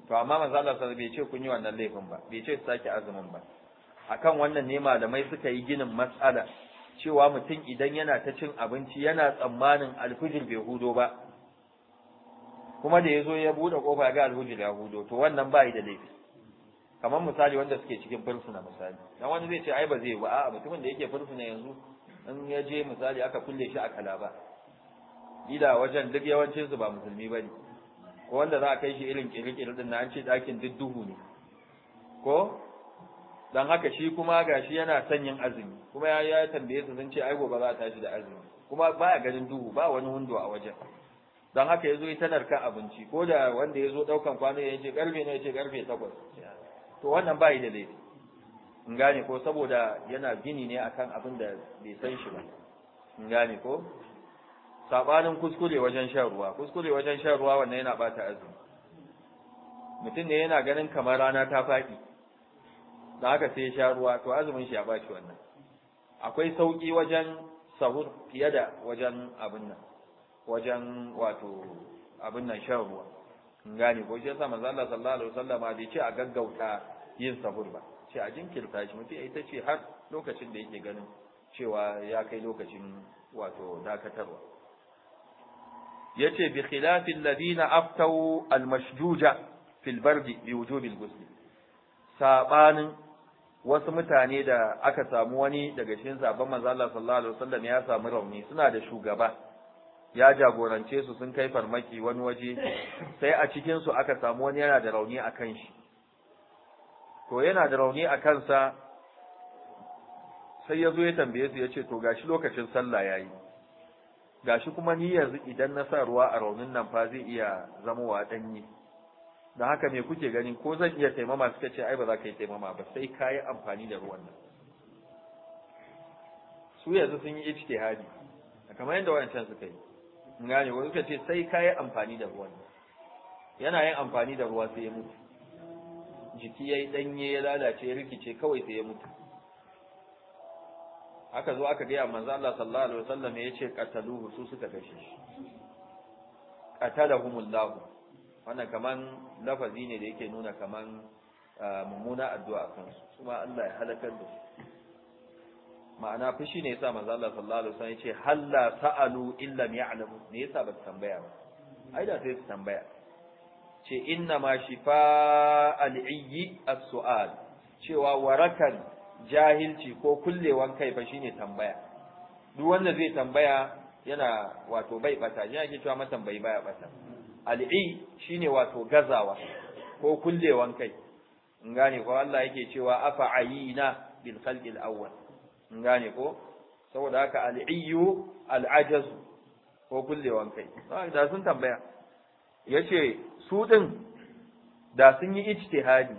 to amma manzo Allah sallallahu bai ce kun yi wannan laifin ba bai ce sake azumin ba akan wannan ne malamai suka yi ginin mas'ala cewa mutum idan yana ta cin abinci yana tsammanin alfijir bai hudo ba kuma da ya zo ya buɗe ƙofa ga alfijir ya hudo to wannan ba yi da laifi kamar misali wanda suke cikin fursuna misali dan wani zai ce ai ba zai ba a'a mutumin da yake fursuna yanzu in ya je misali aka kulle shi a kalaba ida wajen duk yawancin su ba musulmi ba ne. ko wanda za a kai shi irin kirkiri din na an ce dakin duk duhu ne ko dan haka shi kuma gashi yana sanyin azumi kuma ya ya tambaye su sun ce ai gobe za a tashi da azumi kuma baya ganin duhu ba wani hundu a wajen dan haka yazo yi tanar kan abinci ko da wanda yazo daukan kwano ya ce karfe ne ya ce karfe 8 to wannan bai da laifi in gane ko saboda yana gini ne akan abin da bai san shi ba in gane ko sabanin kuskure wajen shan ruwa kuskure wajen shan ruwa wannan yana bata azumi mutum ne yana ganin kamar rana ta faɗi da haka sai ya sha ruwa to azumin shi ya baci wannan akwai sauƙi wajen sahur fiye da wajen abin nan wajen wato abin nan shan ruwa in gane ko shi yasa manzo Allah sallallahu alaihi wasallam bai ce a gaggauta yin sahur ba ce a jinkirta shi mutum ita ce har lokacin da yake ganin cewa ya kai lokacin wato dakatarwa yace bi khilafi alladhina aftau almashjuja fil bardi bi wujubi alghusl sabanin wasu mutane da aka samu wani daga cikin sabon manzo Allah sallallahu alaihi wasallam ya samu rauni suna da shugaba ya jagorance su sun kai farmaki wani waje sai a cikin su aka samu wani yana da rauni akan shi to yana da rauni a kansa sai ya zo ya tambaye su ya ce to gashi lokacin sallah yayi gashi kuma ni yanzu idan na sa ruwa a raunin nan fa zai iya zamowa danyi da haka me kuke gani ko zan iya taimama suka ce ai ba za ka yi taimama ba sai ka yi amfani da ruwan nan su yanzu sun yi ijtihadi kamar yadda wancan suka yi gane wani suka ce sai ka yi amfani da ruwan nan yana yin amfani da ruwa sai ya mutu jiki ya yi ɗanye ya lalace ya rikice kawai sai ya mutu aka zo aka gaya manzo Allah sallallahu alaihi wasallam ya ce qataluhu su suka kashe shi qatalahumullahu wannan kaman lafazi ne da yake nuna kaman mummuna addu'a kan su kuma Allah ya halakar da su ma'ana fushi ne yasa manzo Allah sallallahu alaihi wasallam yace halla sa'alu illa ya'lamu ne yasa ba tambaya ba ai da sai su tambaya ce inna ma shifa al'iyyi as-su'al cewa warakan jahilci ko kullewan kai fa shine tambaya duk wanda zai tambaya yana wato bai bata shi ke cewa tambayi baya bata al'i shine wato gazawa ko kullewan kai in gane ko Allah yake cewa afa ayina bil khalqil awwal in gane ko saboda haka al'i al'ajaz ko kullewan kai da sun tambaya yace su din da sun yi ijtihadi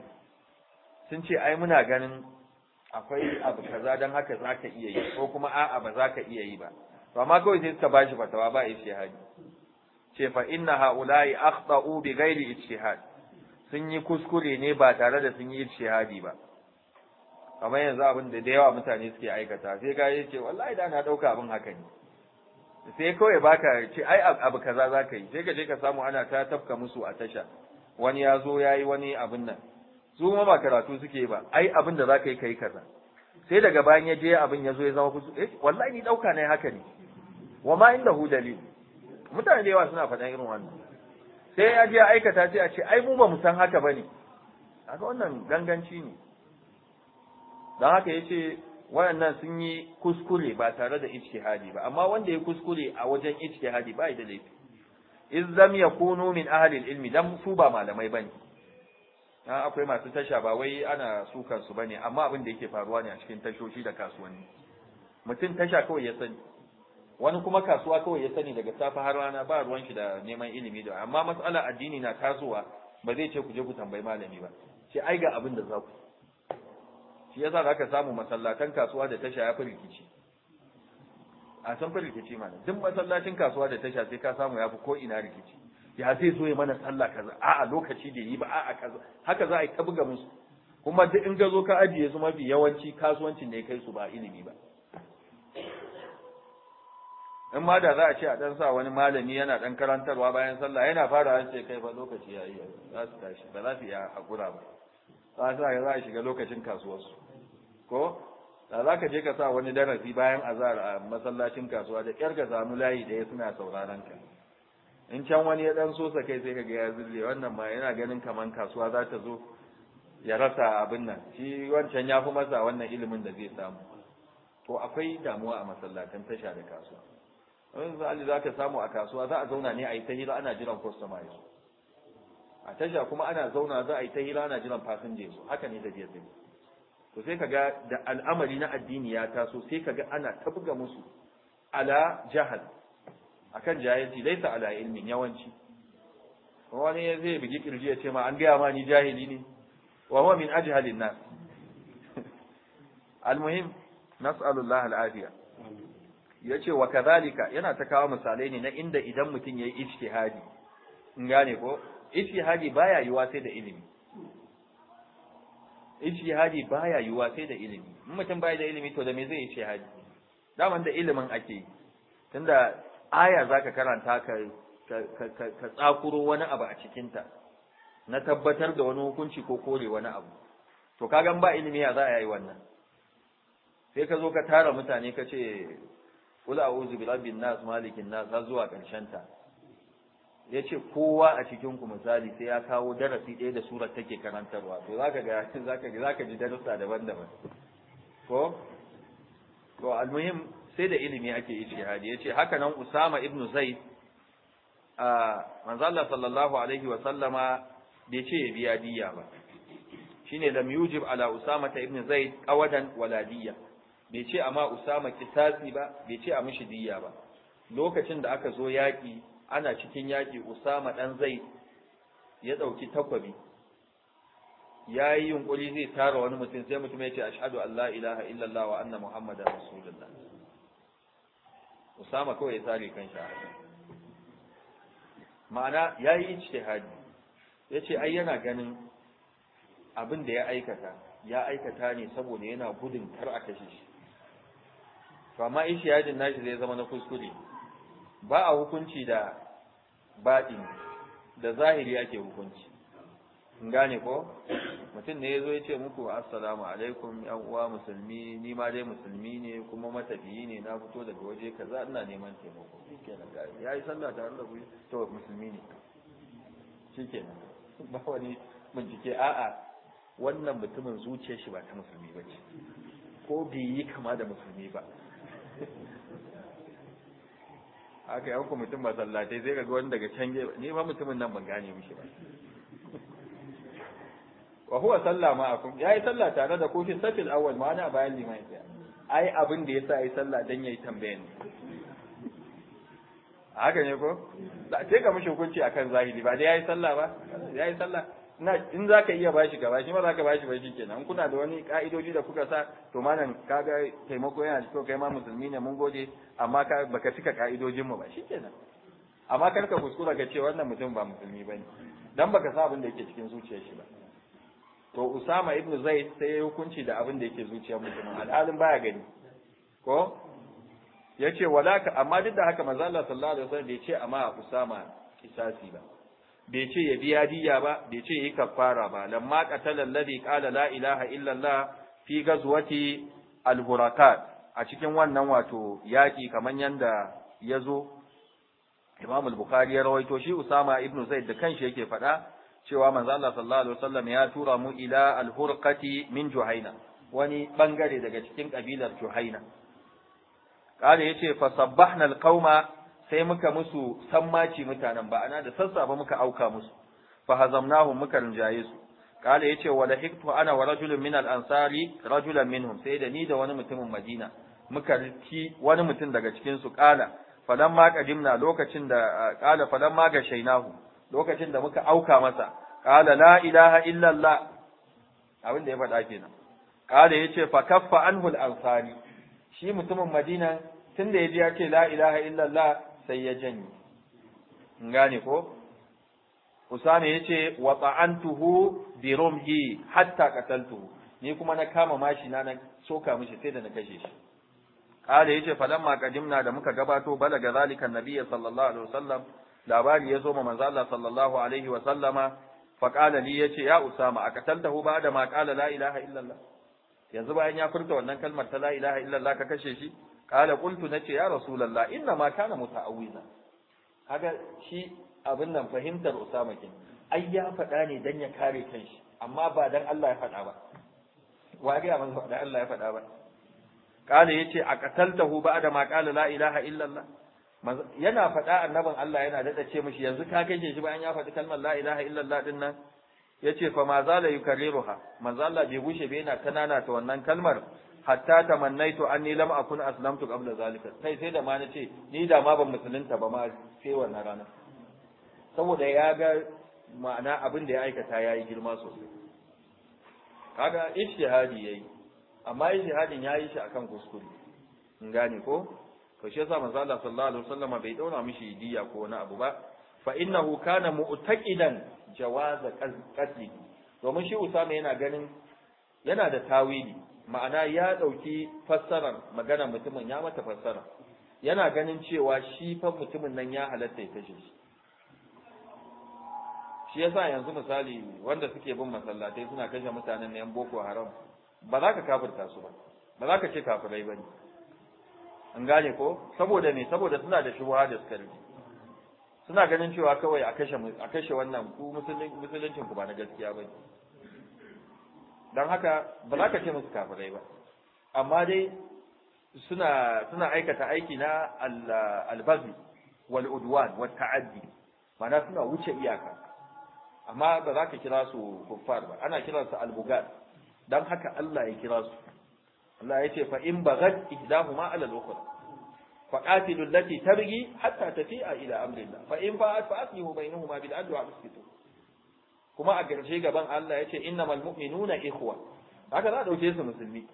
sun ce ai muna ganin akwai abu kaza dan haka zaka iya yi ko kuma a'a ba zaka iya yi ba to amma kawai sai suka bashi fatawa ba ijtihadi ce fa inna haula'i akhta'u bi ghairi ijtihad sun yi kuskure ne ba tare da sun yi ijtihadi ba kamar yanzu abin da da yawa mutane suke aikata sai ka yace wallahi da na dauka abin haka ne sai kawai baka ce ai abu kaza zaka yi sai ka je ka samu ana ta tafka musu a tasha wani ya zo yayi wani abin nan su ma ba karatu suke ba ai abin da zaka yi kai kaza sai daga bayan ya je abin ya zo ya zama kusu eh wallahi ni dauka ne haka ne wa ma inda hu dalil mutane da yawa suna faɗa irin wannan sai ya je aikata sai a ce ai mu ba mu san haka bane kaga wannan ganganci ne dan haka yace wayannan sun yi kuskure ba tare da ijtihadi ba amma wanda ya kuskure a wajen ijtihadi ba da laifi iz lam yakunu min ahli ilmi dan su ba malamai bane dan akwai masu tasha ba wai ana sukan su bane amma abin da yake faruwa ne a cikin tashoshi da kasuwanni mutum tasha kawai ya sani wani kuma kasuwa kawai ya sani daga safe har rana ba ruwan shi da neman ilimi da amma matsala addini na tasowa ba zai ce ku je ku tambayi malami ba ce ai ga abin da za ku shi yasa za ka samu masallatan kasuwa da tasha ya fi rikici a san fi rikici mana duk masallacin kasuwa da tasha sai ka samu ya fi ko ina rikici ya zai so ya mana sallah kaza a'a lokaci da yi ba a'a kaza haka za a yi ta buga musu kuma duk in ka zo ka ajiye su mafi yawanci kasuwancin ne kai su ba ilimi ba in ma da za a ce a dan sa wani malami yana dan karantarwa bayan sallah yana fara an kai fa lokaci yi za su tashi ba za su iya hakura ba za su ga za a shiga lokacin kasuwarsu ko da za ka je ka sa wani darasi bayan azhar a masallacin kasuwa da kyar ka samu layi da ya suna sauraron ka in can wani ya dan so sa kai sai ka ga ya zille wannan ma yana ganin kaman kasuwa za ta zo ya rasa abin nan shi wancan ya fi masa wannan ilimin da zai samu to akwai damuwa a masallacin tasha da kasuwa in misali za ka samu a kasuwa za a zauna ne a yi ta hira ana jiran kwastoma ya zo a tasha kuma ana zauna za a yi ta hira ana jiran fasinja ya haka ne tafiyar da to sai ka ga da al'amari na addini ya taso sai ga ana ta buga musu ala jahal akan jahilci laisa ala ilmin yawanci wani ya zai bugi kirji ya ce ma an gaya ma ni jahili ne wa huwa min ajhalin nas almuhim nas'alullahi al'afiya yace wa kadalika yana ta kawo misalai ne na inda idan mutum yayi ijtihadi in gane ko ijtihadi baya yiwa sai da ilimi ijtihadi baya yiwa sai da ilimi in mutum baya da ilimi to da me zai ijtihadi daman da ilimin ake yi tunda aya zaka karanta ka ka tsakuro wani abu a cikinta na tabbatar da wani hukunci ko kore wani abu to kagan ba ilimi ya za a yi wannan sai ka zo ka tara mutane ka ce kul a'udhu bi rabbin nas malikin nas har zuwa karshen ta yace kowa a cikin ku misali sai ya kawo darasi ɗaya da surar take karantarwa to zaka ga zaka ga zaka ji darussa daban-daban ko to almuhim sai da ilimi ake ijtihadi yace haka nan Usama ibn Zaid a manzo Allah sallallahu alaihi wa sallama bai ce ya biya diya ba shine lam yujib ala Usama ta ibn Zaid qawadan Waladiyya. bai ce amma Usama kisasi ba bai ce a mishi diyya ba lokacin da aka zo yaƙi ana cikin yaƙi Usama dan zai ya ɗauki takwabi ya yi yunƙuri zai tara wani mutum sai mutum ya ce ashhadu an la ilaha illallah wa anna muhammadar rasulullah Usama kawai ya tsare kan ma'ana ya yi ijtihadi ya ce ai yana ganin abin da ya aikata ya aikata ne saboda yana gudun kar a kashe shi to amma ishihadin nashi zai zama na kuskure ba a hukunci da baɗin da zahiri ake hukunci in gane ko mutum ne ya zo ya ce muku assalamu alaikum yan uwa musulmi ni ma dai musulmi ne kuma matafiyi ne na fito daga waje kaza ina neman taimako shikenan ga ya yi sallah tare da ku to musulmi ne shikenan ba wani bincike a'a wannan mutumin zuciyar shi ba ta musulmi ba ce ko bai yi kama da musulmi ba aka yi haka mutum masallatai zai ga wani daga can gefe ne ma mutumin nan ban gane mishi ba wa huwa salla ma'akum yayi sallah tare da kofin safil awwal ana bayan liman ya ai abin da yasa yayi sallah dan yayi tambayan haka ne ko sai ga mishi hukunci akan zahiri ba dai yayi sallah ba yayi sallah na in ka iya bashi gaba shi ma za bashi ba kenan in kuna da wani ka'idoji da kuka sa to malam kaga taimako yana cikin kai ma musulmi ne mun gode amma ka baka cika ka'idojin mu ba kenan amma kar ka kuskura ka ce wannan mutum ba musulmi bane dan baka sa abin da yake cikin zuciyar shi ba to Usama ibnu Zaid sai ya hukunci da abin da yake zuciyar mutumin al'adun baya gani ko yace walaka amma duk da haka manzo Allah sallallahu alaihi wasallam bai ce amma Usama kisasi ba bai ce ya biya diya ba bai ce yi kafara ba lamma qatala alladhi qala la ilaha illa allah fi ghazwati a cikin wannan wato yaki kaman yanda yazo Imam al-Bukhari ya rawaito shi Usama ibn Zaid da kanshi yake faɗa cewa manzo Allah sallallahu alaihi wasallam ya tura mu ila al-hurqati min Juhaina wani bangare daga cikin kabilar Juhaina kale yace fa sabbahna al-qauma sai muka musu sammaci mutanen ba ana da sassafe muka auka musu fa hazamnahum muka rinjaye su kala yace wala Hiktu ana wa rajulun min al-ansari rajulan minhum sai da ni da wani mutumin Madina muka riki wani mutum daga cikin su kala falan ma kadimna lokacin da kala falan ma gashainahu lokacin da muka auka masa kala la ilaha illa Allah abin da ya faɗa kenan kala yace fa kaffa anhu al-ansari shi mutumin Madina tunda yaji ya ce la ilaha illa Allah sai ya janye gane ko usama yace wa ta'antuhu bi rumhi hatta qataltuhu ni kuma na kama mashi na na soka mishi sai da na kashe shi kale yace falamma qadimna da muka gabato balaga zalika annabi sallallahu alaihi wasallam labari ya zo ma manzo Allah sallallahu alaihi wasallama fa qala li yace ya usama aqataltahu ba'da ma qala la ilaha illallah yanzu bayan ya furta wannan kalmar ta la ilaha illallah ka kashe shi kala kuntu nace ya rasulullah inna ma kana muta'awwiza kaga shi abin nan fahimtar Usama kin ai ya faɗa ne dan ya kare kanshi amma ba dan Allah ya faɗa ba wa ga ban faɗa Allah ya faɗa ba kala yace a qataltahu ba'da ma qala la ilaha illa Allah yana faɗa annabin Allah yana dada ce mishi yanzu ka kashe shi bayan ya faɗi kalmar la ilaha illa Allah din nan yace fa ma zala yukarriruha manzo Allah bai gushe bai yana kanana ta wannan kalmar hatta tamannaitu anni lam akun aslamtu qabla zalika sai sai da ma nace ni da ma ban musulunta ba ma sai wannan rana saboda ya ga ma'ana abin da ya aikata yayi girma sosai kaga ijtihadi yayi amma ijtihadin yayi shi akan kuskure in gane ko to shi yasa manzo Allah sallallahu alaihi wasallam bai dauna mishi diya ko wani abu ba fa innahu kana mu'taqidan jawaza qasdi domin shi usama yana ganin yana da tawili ma'ana ya ɗauki fassarar magana mutumin ya mata fassara yana ganin cewa shi fa mutumin nan ya halatta ya kashe shi shi yasa yanzu misali wanda suke bin masallatai suna kashe mutanen yan boko haram ba za ka kafirta su ba ba za ka ce kafirai ba ne an gane ko saboda me saboda suna da shubha da suka suna ganin cewa kawai a kashe a kashe wannan ku musuluncin ku ba na gaskiya ba ne don haka ba za ka ce musu kafirai ba amma dai suna suna aikata aiki na albazi wal udwan wat ta'addi ma'ana suna wuce iyaka amma ba za ka kira su kuffar ba ana kira su albugat Don haka Allah ya kira su Allah ya ce fa in bagat ihdahuma ala al-ukhra fa qatilu allati tabghi hatta tafi'a ila amrillah fa in fa'at fa aslihu bainahuma bil adl wa aqsitu kuma a garje gaban Allah ya ce innamal mu'minuna ikhwa haka za a dauke su musulmi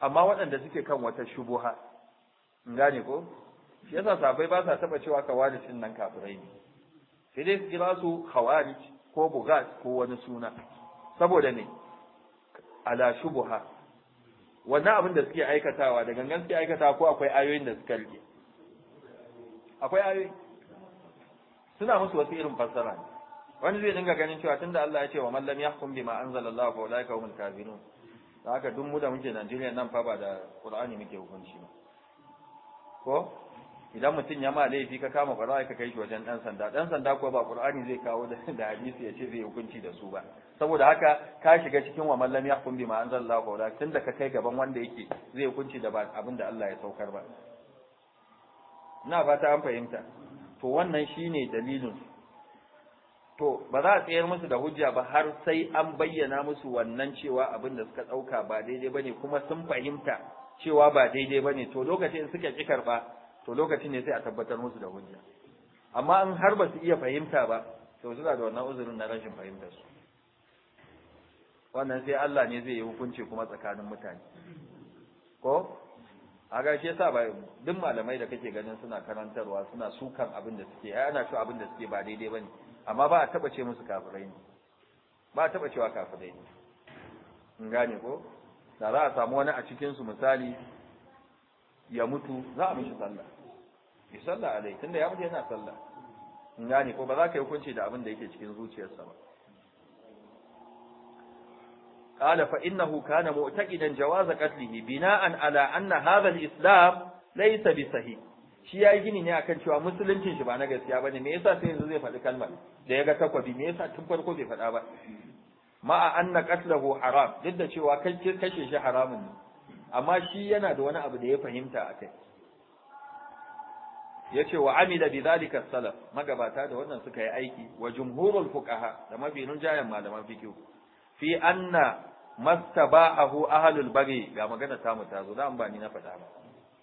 amma waɗanda suke kan wata shubuha in gane ko shi yasa sabai ba sa taba cewa ka din nan kafirai ne sai dai su kira su khawarij ko bugat ko wani suna saboda ne ala shubuha wannan abin da suke aikatawa da gangan suke aikatawa ko akwai ayoyin da suka rike akwai ayoyi suna musu wasu irin fassara ne wani zai dinga ganin cewa tunda Allah ya ce wa man lam yahkum bima Allah fa ulaika humul kafirun da haka duk mu da muke Najeriya nan fa ba da Qur'ani muke hukunci ba ko idan mutum ya ma laifi ka kama fara ka kai shi wajen dan sanda dan sanda ko ba Qur'ani zai kawo da hadisi ya ce zai hukunci da su ba saboda haka ka shiga cikin wa man lam yahkum bima anzalallahu fa ulaika tunda ka kai gaban wanda yake zai hukunci da ba abin da Allah ya saukar ba ina fata an fahimta to wannan shine dalilin to ba za a tsayar musu da hujja ba har sai an bayyana musu wannan cewa abin da suka ɗauka ba daidai ba ne kuma sun fahimta cewa ba daidai ba ne to lokacin suka ƙi karɓa to lokacin ne sai a tabbatar musu da hujja amma in har ba su iya fahimta ba to suna da wannan uzurin na rashin fahimtar su wannan sai Allah ne zai yi hukunci kuma tsakanin mutane ko a ga shi yasa ba duk malamai da kake ganin suna karantarwa suna sukan abin da suke ai ana so abin da suke ba daidai bane amma ba a taba ce musu kafirai ne ba a taba cewa kafirai ne in gane ko da za a samu wani a cikin su misali ya mutu za a mishi sallah ya sallah alai tunda ya mutu yana sallah in gane ko ba za ka yi hukunci da abin da yake cikin zuciyarsa ba kana mu'taqidan jawaz qatlihi bina'an ala anna hadha al-islam laysa bi sahih shi ya yi gini ne akan cewa musuluncin shi ba na gaskiya ba ne me yasa sai yanzu zai faɗi kalmar da ya ga takwabi me yasa tun farko bai faɗa ba ma'a anna qatluhu haram duk da cewa kashe shi haramun ne amma shi yana da wani abu da ya fahimta akai yace wa amila bi zalika salaf magabata da wannan suka yi aiki wa jumhurul fuqaha da mabinun jayan malaman fiqh fi anna mastaba'ahu ahlul bari ga magana ta mu tazo da an ba na faɗa ba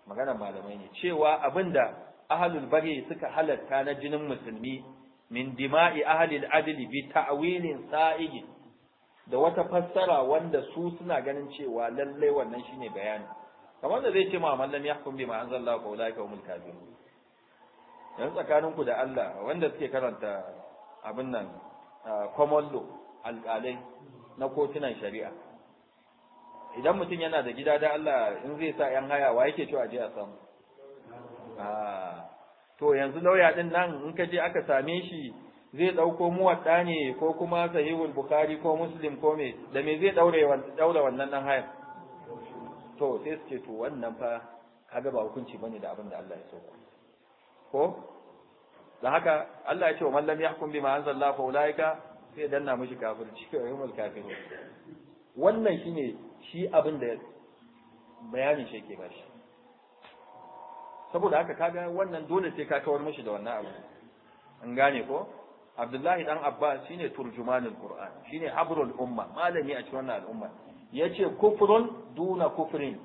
magana malamai ne cewa abinda ahlul bari suka halatta na jinin musulmi min dima'i ahlil adli bi ta'wilin sa'igi da wata fassara wanda su suna ganin cewa lalle wannan shine bayani kamar da zai ce ma mallam yahkum bima anzalallahu fa ulaika humul kafirun yan tsakaninku da Allah wanda suke karanta abin nan ah, common law alqalai na kotunan shari'a idan mutum yana da gida da Allah in zai sa ‘yan haya wa yake cewa je a samu ah, to yanzu lauya ɗin nan in ka je aka same shi zai ɗauko muwadda ne ko kuma sahihul bukhari ko muslim ko me da me zai ɗaure wannan dan haya? to sai su ce to wannan fa kaga ba hukunci bane da abin da Allah ya sauko. ko da haka Allah ya ce wa man lam yahkum bima anzalallahu ulaika sai danna mishi kafirci ko yumul kafirin wannan shine shi abin da bayanin shi ke bashi saboda haka kaga wannan dole sai ka kawar mishi da wannan abu an gane ko Abdullahi dan Abbas shine turjumanul Qur'an shine habrul umma malami a cikin wannan al'umma yace kufrun duna kufrin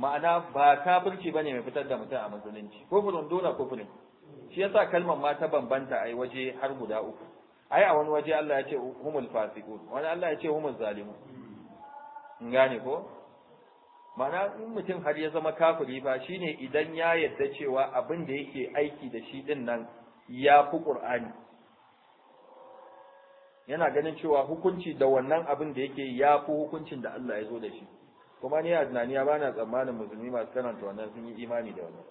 ma'ana ba kafirci bane mai fitar da mutum a musulunci kufrun duna kufrin shi yasa kalmar ma ta bambanta ai waje har guda uku ai a wani waje Allah ya ce humul fasiqun wani Allah ya ce humul zalimun in gane ko mana in mutum har ya zama kafiri ba shine idan ya yarda cewa abin da yake aiki da shi din nan ya fi qur'ani yana ganin cewa hukunci da wannan abin da yake ya fi hukuncin da Allah ya zo da shi kuma ni a tunaniya ba na tsammanin musulmi masu karanta wannan sun yi imani da wannan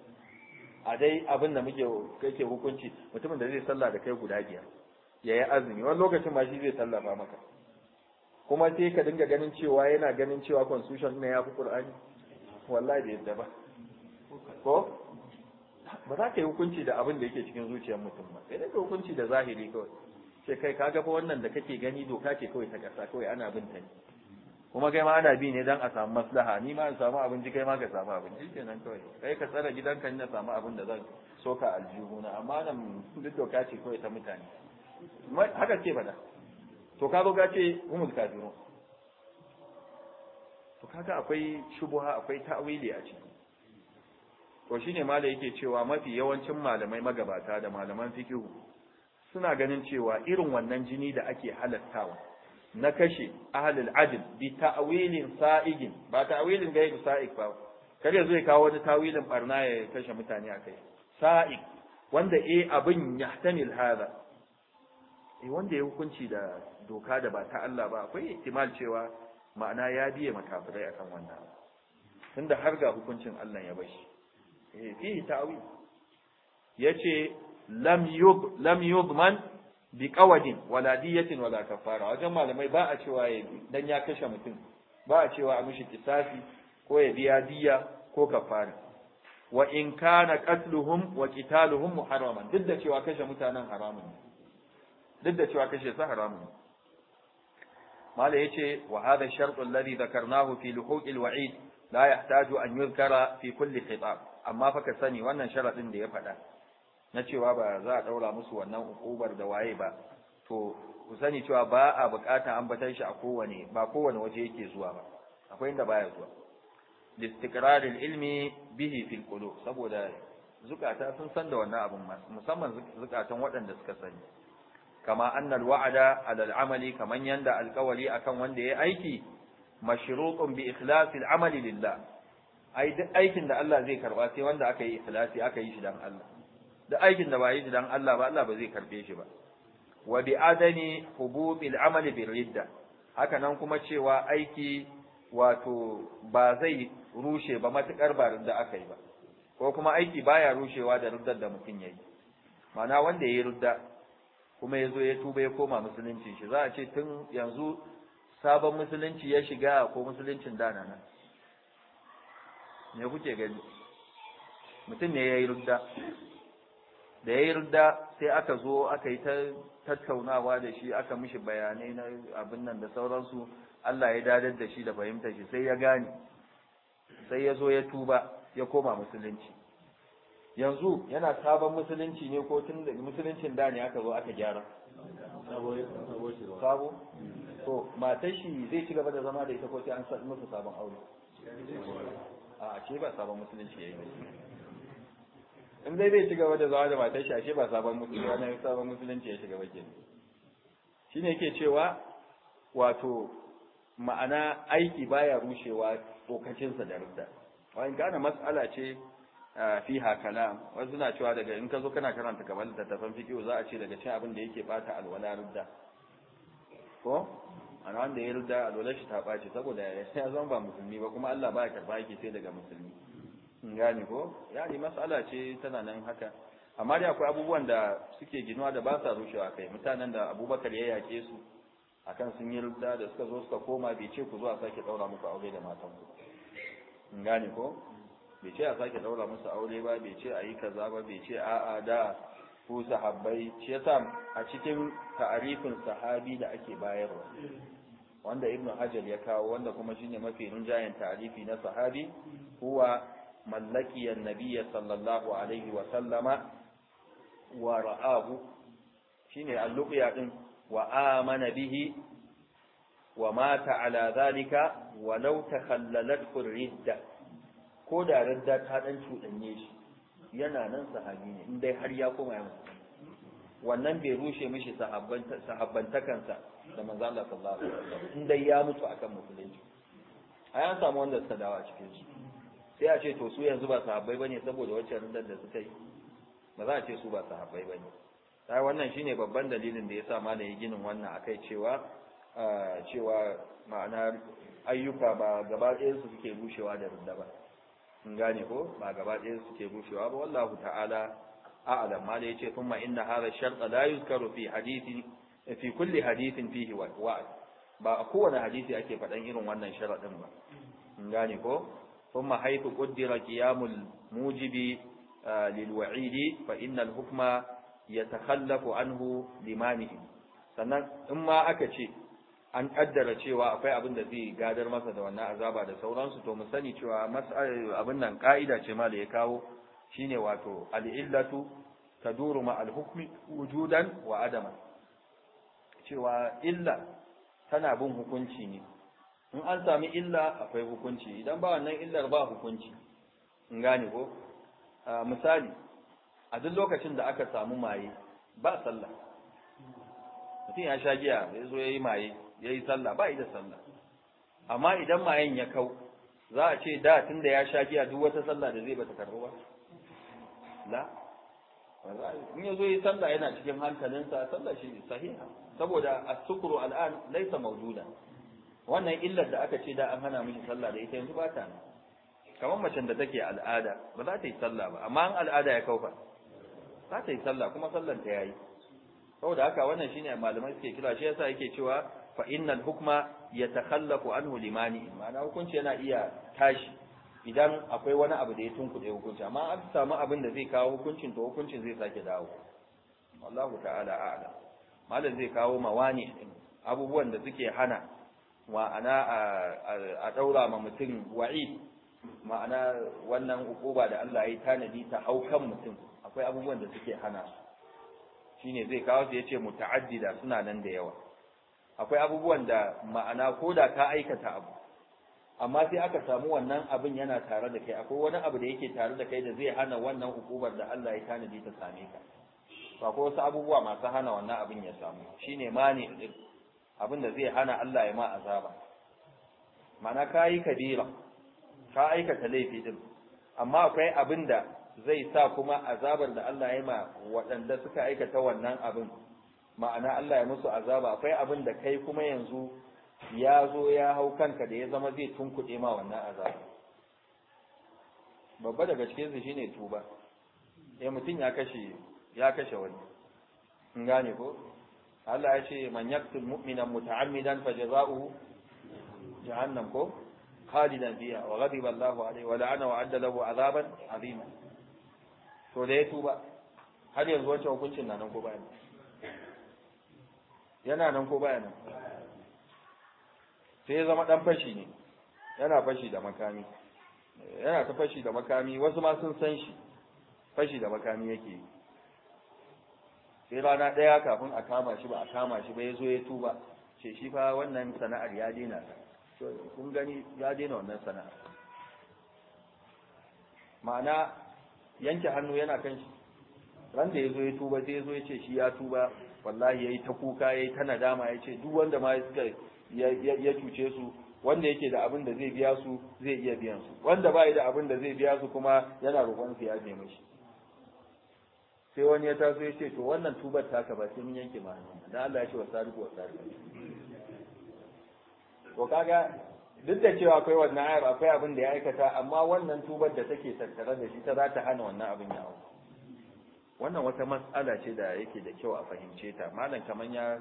a dai abin da muke kake hukunci mutumin da zai sallah da kai guda biyar ya yi azumi wani lokacin ma shi zai tallafa maka kuma sai ka dinga ganin cewa yana ganin cewa constitution ne ya fi qur'ani wallahi bai yadda ba ko ba za ka yi hukunci da abin da yake cikin zuciyar mutum ba sai dai hukunci da zahiri kawai sai kai ka ga fa wannan da kake gani doka ce kawai ta kasa kawai ana bin ta ne kuma kai ma ana bi ne dan a samu maslaha ni ma in samu abinci kai ma ka samu abinci kenan kawai kai ka tsara gidanka na samu abin da zan soka aljihu na amma nan duk doka ce kawai ta mutane haka ce ba da. to ka zo ka ce zuka jiro to kaga akwai shubuha akwai ta'wili a ciki to shine mala yake cewa mafi yawancin malamai magabata da malaman fikihu suna ganin cewa irin wannan jini da ake halattawa na kashe ahlul adl bi ta'wilin sa'igin ba ta'wilin gairu sa'ig ba kar ya ya kawo wani tawilin barna ya kashe mutane akai sa'ig wanda eh abin yahtamil hada Eh, wanda ya hukunci da doka da ba ta Allah ba akwai ihtimal cewa ma'ana ya biye makafirai akan wannan tunda har ga hukuncin Allah ya bashi eh fihi ta'wi yace lam yub lam yudman bi qawdin wala diyatin wala kafara wajen malamai ba a cewa ya dan ya kashe mutum ba a cewa a mishi kisafi ko ya biya diya ko kafara wa in kana qatluhum wa qitaluhum muharraman duk da cewa kashe mutanen haramun ne duk da cewa kashe su haramun mala yace wa hadha ash-shart alladhi dhakarnahu fi luhuq al-wa'id la yahtaju an yuzkara fi kulli khitab amma fa ka sani wannan sharadin da ya faɗa na cewa ba za a daura musu wannan ukubar da waye ba to ku sani cewa ba a bukata ambatan shi a kowane ba kowane waje yake zuwa ba akwai inda baya zuwa listiqrar ilmi bihi fil qulub saboda zukata sun san da wannan abin musamman zukatan waɗanda suka sani kama annal wa'ada ala amali kaman yanda alkawali akan wanda ya aiki mashrutun bi ikhlasil amali lillah ai duk aikin da Allah zai karba sai wanda aka yi ikhlasi aka yi shi dan Allah duk aikin da ba yi shi dan Allah ba Allah ba zai karbe shi ba wa bi adani hububil amali bil ridda haka nan kuma cewa aiki wato ba zai rushe ba matukar ba da aka yi ba ko kuma aiki baya rushewa da ruddar da mutum yayi ma'ana wanda yayi rudda kuma ya zo ya tuba ya koma musulunci shi za a ce tun yanzu sabon musulunci ya shiga ko musuluncin dana nan me kuke gani mutum ne ya yi rudda da ya yi rudda sai aka zo aka yi ta tattaunawa da shi aka mishi bayanai na abin nan da sauransu Allah ya dadar da shi da fahimtar shi sai ya gane sai ya zo ya tuba ya koma musulunci yanzu yana sabon musulunci ne ko tun da musuluncin da ne aka zo aka gyara sabo to matar shi zai ci gaba da zama da ita ko sai an sa musu sabon aure a ce ba sabon musulunci yayi in dai zai ci gaba da zama da matar shi ashe ba sabon musulunci wani sabon musulunci ya shiga bakin shine yake cewa wato ma'ana aiki baya rushewa sa da rudda wani gane mas'ala ce fiha kalam wasu na cewa daga in ka zo kana karanta kamar littattafan fiqh za a ce daga cin abin da yake bata alwala rudda ko an wanda ya rudda alwala shi ta bace saboda ya zama ba musulmi ba kuma Allah ba ya karba yake sai daga musulmi in gane ko yani mas'ala ce tana nan haka amma dai akwai abubuwan da suke ginuwa da ba sa rushewa kai mutanen da Abubakar ya yake su akan sun yi rudda da suka zo suka koma bai ce ku zo a sake daura muku aure da matan ku in gane ko bai ce a sake daura musu aure ba bai ce a yi kaza ba bai ce a'a da ko sahabbai shi yasa a cikin ta'arifin sahabi da ake bayarwa wanda ibnu hajar ya kawo wanda kuma shine mafi rinjayen ta'arifi na sahabi huwa mallakiyar annabiyya sallallahu alaihi wa sallama wa ra'ahu shine al din wa amana bihi wa mata ala zalika walau takhallalat ridda ko da radda ta dan cuɗanye shi yana nan sahabi ne in dai har ya koma ya wannan bai rushe mishi sahabbantakansa da manzo Allah sallallahu alaihi wasallam in dai ya mutu akan musulunci a an samu wanda suka dawo a cikin shi sai a ce to su yanzu ba sahabbai bane saboda wacce radda da suka yi ba za a ce su ba sahabbai bane sai wannan shine babban dalilin da yasa ma da yi ginin wannan akai cewa ah, cewa ma'ana ayyuka ba gaba ɗayan su suke rushewa da rundaba ba kun gane ko ba gaba ɗaya suke bushewa ba wallahu ta'ala a'lam ma da yace thumma inna hadha sharta la yuzkaru fi fi kulli hadithin fihi wa'd ba a kowane hadisi ake faɗan irin wannan sharaɗin ba kun gane ko thumma haythu qaddara qiyamul mujibi lil wa'idi fa inna al hukma yatakhallafu anhu limanihi sannan in ma aka ce an kaddara cewa akwai abin da zai gadar masa da wannan azaba da sauransu to mu sani cewa abin nan ka'ida ce ma da ya kawo shine wato al'illatu taduru ma al-hukmi wujudan wa adama cewa illa tana bin hukunci ne in an sami illa akwai hukunci idan ba wannan illar ba hukunci in gane ko misali a duk lokacin da aka samu maye ba sallah mutum ya sha giya ya zo ya yi maye ya yi sallah ba da sallah amma idan mayan ya kau za a ce da tun da ya sha giya duk wata sallah da zai bata karɓi ba la in ya zo yi sallah yana cikin hankalinsa sallah shi sahiha saboda as-sukru al'an laysa mawjuda wannan illar da aka ce da an hana miki sallah da ita yanzu ba ta nan kamar macen da take al'ada ba za ta yi sallah ba amma an al'ada ya kaufa za ta yi sallah kuma sallan ta yayi saboda haka wannan shine malamai suke kira shi yasa yake cewa fa innal hukma yatakhallafu anhu limani ma'ana hukunci yana iya tashi idan akwai wani abu da ya tunkuɗe hukunci amma an samu abin da zai kawo hukuncin to hukuncin zai sake dawo wallahu ta'ala a'lam malam zai kawo mawani abubuwan da suke hana ma'ana a daura ma mutum wa'id ma'ana wannan hukuba da Allah ya tanadi ta haukan mutum akwai abubuwan da suke hana shine zai kawo su ce muta'addida suna nan da yawa akwai abubuwan da ma'ana ko da ka aikata abu amma sai aka samu wannan abin yana tare da kai akwai wani abu da yake tare da kai da zai hana wannan hukumar da Allah ya tanadi ta same ka Ba ko wasu abubuwa masu hana wannan abin ya samu shine mani din abin da zai hana Allah ya ma azaba ma'ana ka yi kabira ka aikata laifi din amma akwai abin da zai sa kuma azabar da Allah ya ma waɗanda suka aikata wannan abin ma'ana Allah ya musu azaba akwai abin da kai kuma yanzu ya zo ya hau kanka da ya zama zai tunkuɗe ma wannan azaba babba daga cikin su shine tuba ya eh, mutum ya kashe ya kashe wani in gane ko Allah ya ce man yaktul mu'mina muta'ammidan fajaza'uhu jahannam ko khalidan fiha wa ghadiba Allahu alayhi wa la'ana wa adda lahu azaban azima to da ya tuba har yanzu wancan hukuncin na nan ko ne yana nan ko baya nan sai ya zama dan fashi ne yana fashi da makami yana ta fashi da makami wasu ma sun san shi fashi da makami yake yi sai rana ɗaya kafin a kama shi ba a kama shi ba ya zo ya tuba ce shi fa wannan sana'ar ya daina kun gani ya daina wannan sana'ar ma'ana yanke hannu yana kan shi ran da ya zo ya tuba sai ya zo ya ce shi ya tuba wallahi yayi ta kuka yayi ta nadama yace duk wanda ma suka ya cuce su wanda yake da abin da zai biya su zai iya biyan su wanda bai da abin da zai biya su kuma yana roƙon su ya je mishi sai wani ya taso ya ce to wannan tubar ka ba sai mun yanke ma dan Allah ya ce wa sariqu wa sariqu to kaga duk da cewa akwai wannan ayar akwai abin da ya aikata amma wannan tubar da take tattare da shi ta za ta hana wannan abin ya auku wannan wata matsala ce da yake da kyau a fahimce ta malam kaman ya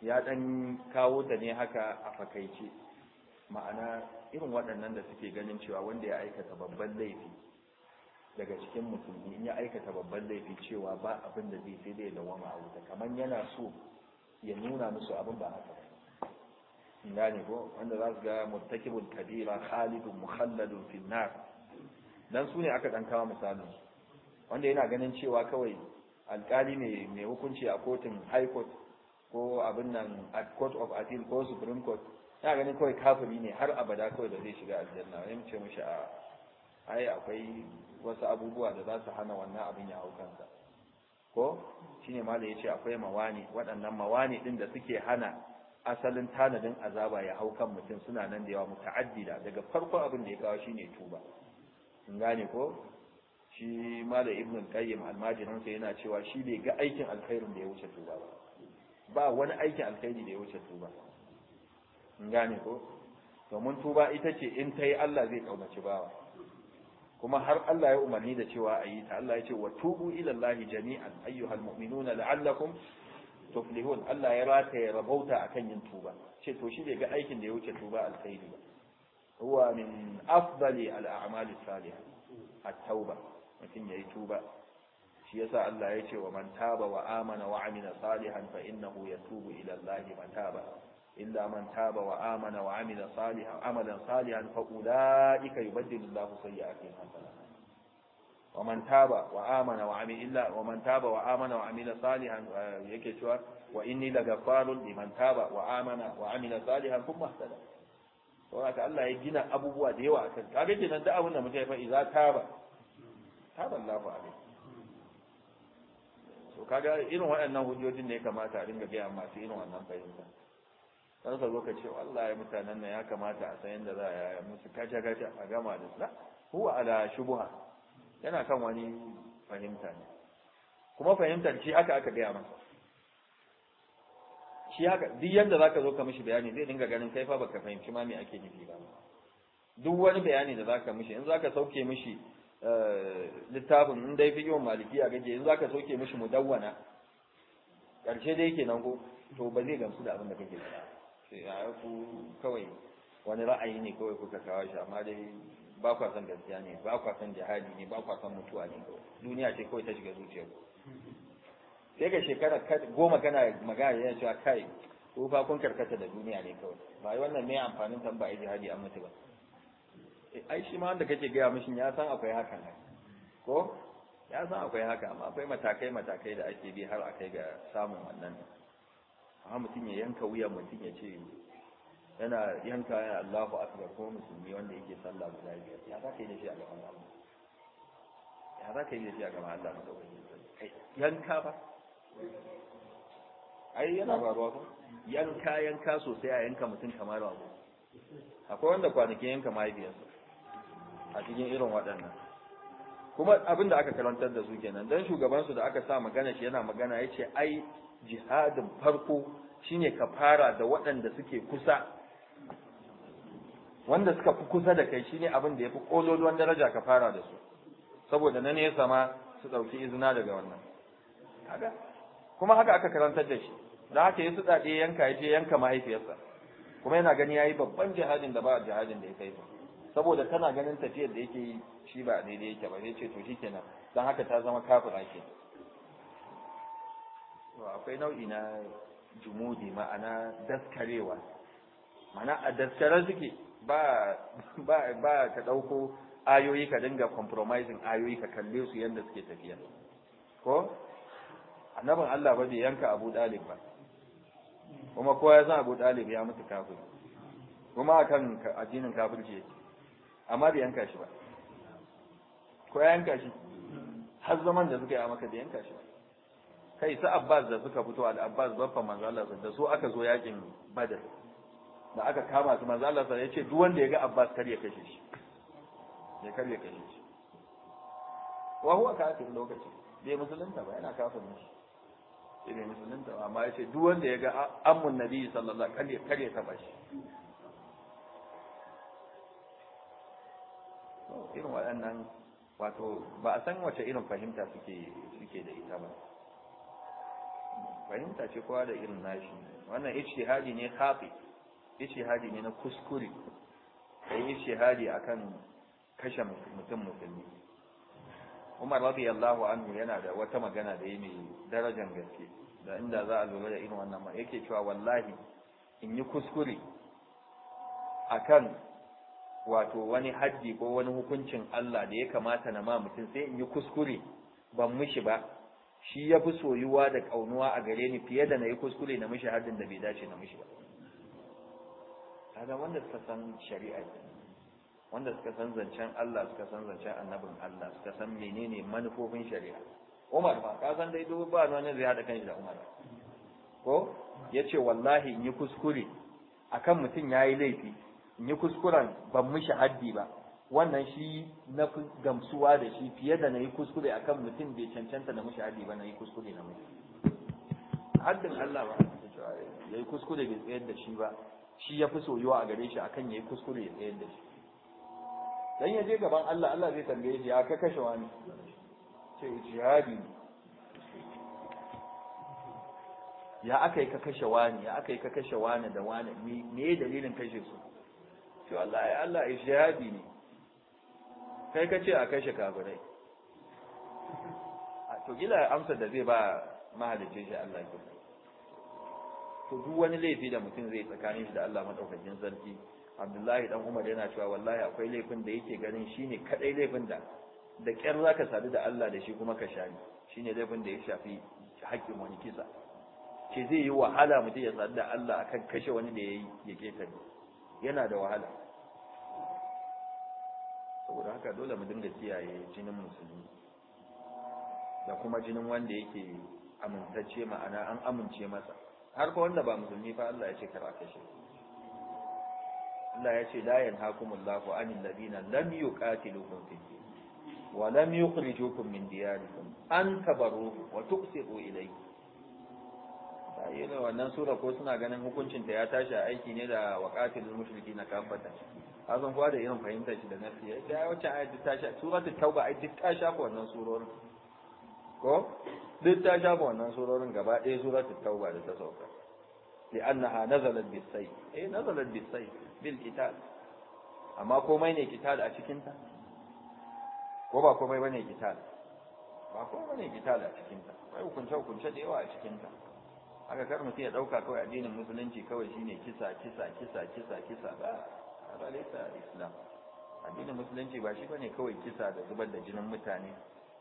ya dan kawo ta ne haka a fakaice ma'ana irin waɗannan da suke ganin cewa wanda ya aikata babban laifi daga cikin mutum in ya aikata babban laifi cewa ba abin da zai sai dai wani a wuta kaman yana so ya nuna musu abin ba haka ba ne ko wanda za su ga murtakibul kabira khalidun mukhalladun nar dan su ne aka dan kawo misalin su wanda yana ganin cewa kawai alkali ne mai hukunci a kotun high court ko abin nan at court of appeal ko supreme court yana ganin kawai kafiri ne har abada kawai da zai shiga aljanna wani ce mishi a ai akwai wasu abubuwa da za su hana wannan abin ya hau kansa ko shine mala yace akwai mawani waɗannan mawani ɗin da suke hana asalin tanadin azaba ya hau kan mutum suna nan da yawa muta'addida daga farko abin da ya kawo shine tuba in gane ko shi malam ibn qayyim almajirin sai yana cewa shi bai ga aikin alkhairin da ya wuce tuba ba ba wani aikin alkhairi da ya wuce tuba in gane ko domin tuba ita ce in ta yi Allah zai kaunaci bawa kuma har Allah ya umarni da cewa a yi ta Allah ya ce wa tubu ila Allah jami'an ayyuhal mu'minuna la'allakum tuflihun Allah ya rata ya rabauta akan yin tuba ce to shi bai ga aikin da ya wuce tuba alkhairi ba huwa min afdali al a'mali salihah at-tauba mutum ya yi tuba shi yasa Allah ya ce wa man taba wa amana wa amila salihan fa innahu yatubu ila Allah mataba illa man taba wa amana wa amila salihan amalan salihan fa ulaika yubaddilu Allahu sayyi'atihim hasanatan wa man taba wa amana wa amila illa wa man taba wa amana wa amila salihan eh, yake cewa wa inni lagafarun liman taba wa amana wa amila salihan kuma hasana haka Allah ya gina abubuwa da yawa akan kaga kenan da abun da mutai fa iza taba taba Allahu alaihi to kaga irin waɗannan hujjojin ne ya kamata a dinga gaya masu irin wannan fahimta dan sa zo ka ce wallahi mutanen nan ya kamata a san yadda za a yaya musu kaca kaca a gama da su huwa ala shubuha yana kan wani fahimta ne kuma fahimtar shi aka aka gaya masa shi aka duk yadda za ka zo ka mishi bayani zai dinga ganin kai fa baka fahimci ma me ake nufi ba duk wani bayani da za ka mishi in za ka sauke mishi littafin in dai fi yawan malikiya gaje in zaka soke mishi mudawwana karshe dai nan ko to ba zai gamsu da abin da kake faɗa sai a ku kawai wani ra'ayi ne kawai kuka kawo shi amma dai ba kwa san gaskiya ne ba kwa san jihadi ne ba kwa san mutuwa ne duniya ce kawai ta shiga zuciyar sai ga shekara goma kana magana yana cewa kai ko fa kun karkata da duniya ne kawai ba wannan ne amfanin tamba jihadi an mutu ba ai shi ma wanda kake gaya mishin ya san akwai haka ne ko ya san akwai haka amma akwai matakai matakai da ake bi har akai ga samun wannan amma mutum ya yanka wuya mutum ya ce yana yanka yana Allahu akbar ko musulmi wanda yake sallah guda biyar ya za ka yi da shi a gaban Allah ya za ka yi da shi a gaban Allah ba kai yanka ba ai yana faruwa ba yanka yanka sosai a yanka mutum kamar rago akwai wanda kwanakin yanka mahaifiyarsa a cikin irin waɗannan kuma abin da aka karantar da su kenan dan shugabansu da aka sa magana shi yana magana ya ce ai jihadin farko shine ka fara da waɗanda suke kusa wanda suka fi kusa da kai shine abin da ya fi ƙololuwan daraja ka fara da su saboda na nesa ma su ɗauki izina daga wannan kuma haka aka karantar da shi da haka ya tsaɗe yanka ya yanka mahaifiyarsa kuma yana gani ya yi babban jihadin da ba jihadin da ya kai ba saboda tana ganin tafiyar da yake yi shi ba daidai yake ba zai ce to shi kenan, dan haka ta zama kafira ke to akwai nau'i na jumudi ma'ana daskarewa mana a daskare suke ba ba ba ka dauko ayoyi ka dinga compromising ayoyi ka kalle su yanda suke tafiya ko annabin Allah ba bai yanka Abu Dalib ba kuma kowa ya san Abu Dalib ya mutu kafir kuma akan addinin kafirci yake amma bai yanka shi ba ko ya yanka shi har zaman da suka yi a maka da yanka shi ba kai su abbas da suka fito al abbas baffa manzo Allah da su aka zo yakin badar da aka kama su manzo Allah ya ce duk wanda ya ga abbas kar ya kashe shi ya kar ya kashe shi wa huwa kafir lokaci bai musulunta ba yana ne shi bai musulunta ba amma ya ce duk wanda ya ga ammun nabi sallallahu alaihi wasallam kar ya kar ya shi irin waɗannan wato ba a san wace irin fahimta suke da ita ba fahimta ce kowa da irin nashi wannan ijtihadi ne khafi ijtihadi ne na kuskure kai ijtihadi akan kashe mutum musulmi Umar radiyallahu anhu yana da wata magana da yi mai darajar gaske da inda za a lura da irin wannan ma yake cewa wallahi in yi kuskure akan wato wani haddi ko wani hukuncin Allah da ya kamata na ma mutum sai in yi kuskure ban mishi ba shi ya fi soyuwa da ƙaunuwa a gare ni fiye da na yi kuskure na mishi haddin da bai dace na mishi ba kaga wanda suka san shari'a wanda suka san zancen Allah suka san zancen annabin Allah suka san menene manufofin shari'a Umar ba ka san dai duk ba wani zai hada kanshi da Umar ko yace wallahi in yi kuskure akan mutum yayi laifi in yi kuskuren ban mishi haddi ba wannan shi na fi gamsuwa da shi fiye da na yi kuskure akan mutum bai cancanta da mishi haddi ba na yi kuskure na mishi haddin Allah ba ya yi kuskure bai tsayar da shi ba shi ya fi soyuwa a gare shi akan ya yi kuskure ya tsayar da shi dan ya je gaban Allah Allah zai tambaye shi ya ka kashe wani ce jihadi ya aka yi ka kashe wani ya aka yi ka kashe wani da wani me dalilin kashe su to Allah ai Allah ijtihadi ne kai ka ce a kashe kafirai to gila amsar da zai ba mahalicin shi Allah ya. to duk wani laifi da mutum zai tsakanin shi da Allah madaukakin sarki Abdullahi dan Umar yana cewa wallahi akwai laifin da yake ganin shine kadai laifin da da kyar zaka sadu da Allah da shi kuma ka shani shine laifin da ya shafi haƙƙin wani kisa ce zai yi wahala mutum ya sadu da Allah akan kashe wani da yayi ya ketare yana da wahala saboda haka dole mu dinga kiyaye jinin musulmi da kuma jinin wanda yake amintacce ma'ana an amince masa har ko wanda ba musulmi fa Allah ya ce kar a kashe Allah ya ce la yanhakumullahu anil ladina lam yuqatilukum fi din wa lam yukhrijukum min diyarikum an tabarru wa tuqsitu ilayhi sai wannan sura ko suna ganin hukuncin ta ya tashi a aiki ne da waqatilul mushrikeena kafata azan san da irin fahimtar shi da nafi ya ga wacce ayat duk ta sha suratul tauba ai duk ta sha ko wannan surorin ko duk ta sha ko wannan surorin gaba ɗaya suratul tauba da ta sauka annaha nazalat bisay eh nazalat bisay bil kitab amma komai ne kitab a cikin ta ko ba komai bane kitab ba komai bane kitab a cikin ta bai hukunce hukunce da yawa a cikin ta haka kar mutum ya dauka kawai addinin musulunci kawai shine kisa kisa kisa kisa kisa ba هذا addinin musulunci ba shi bane kawai kisa da zubar da jinin mutane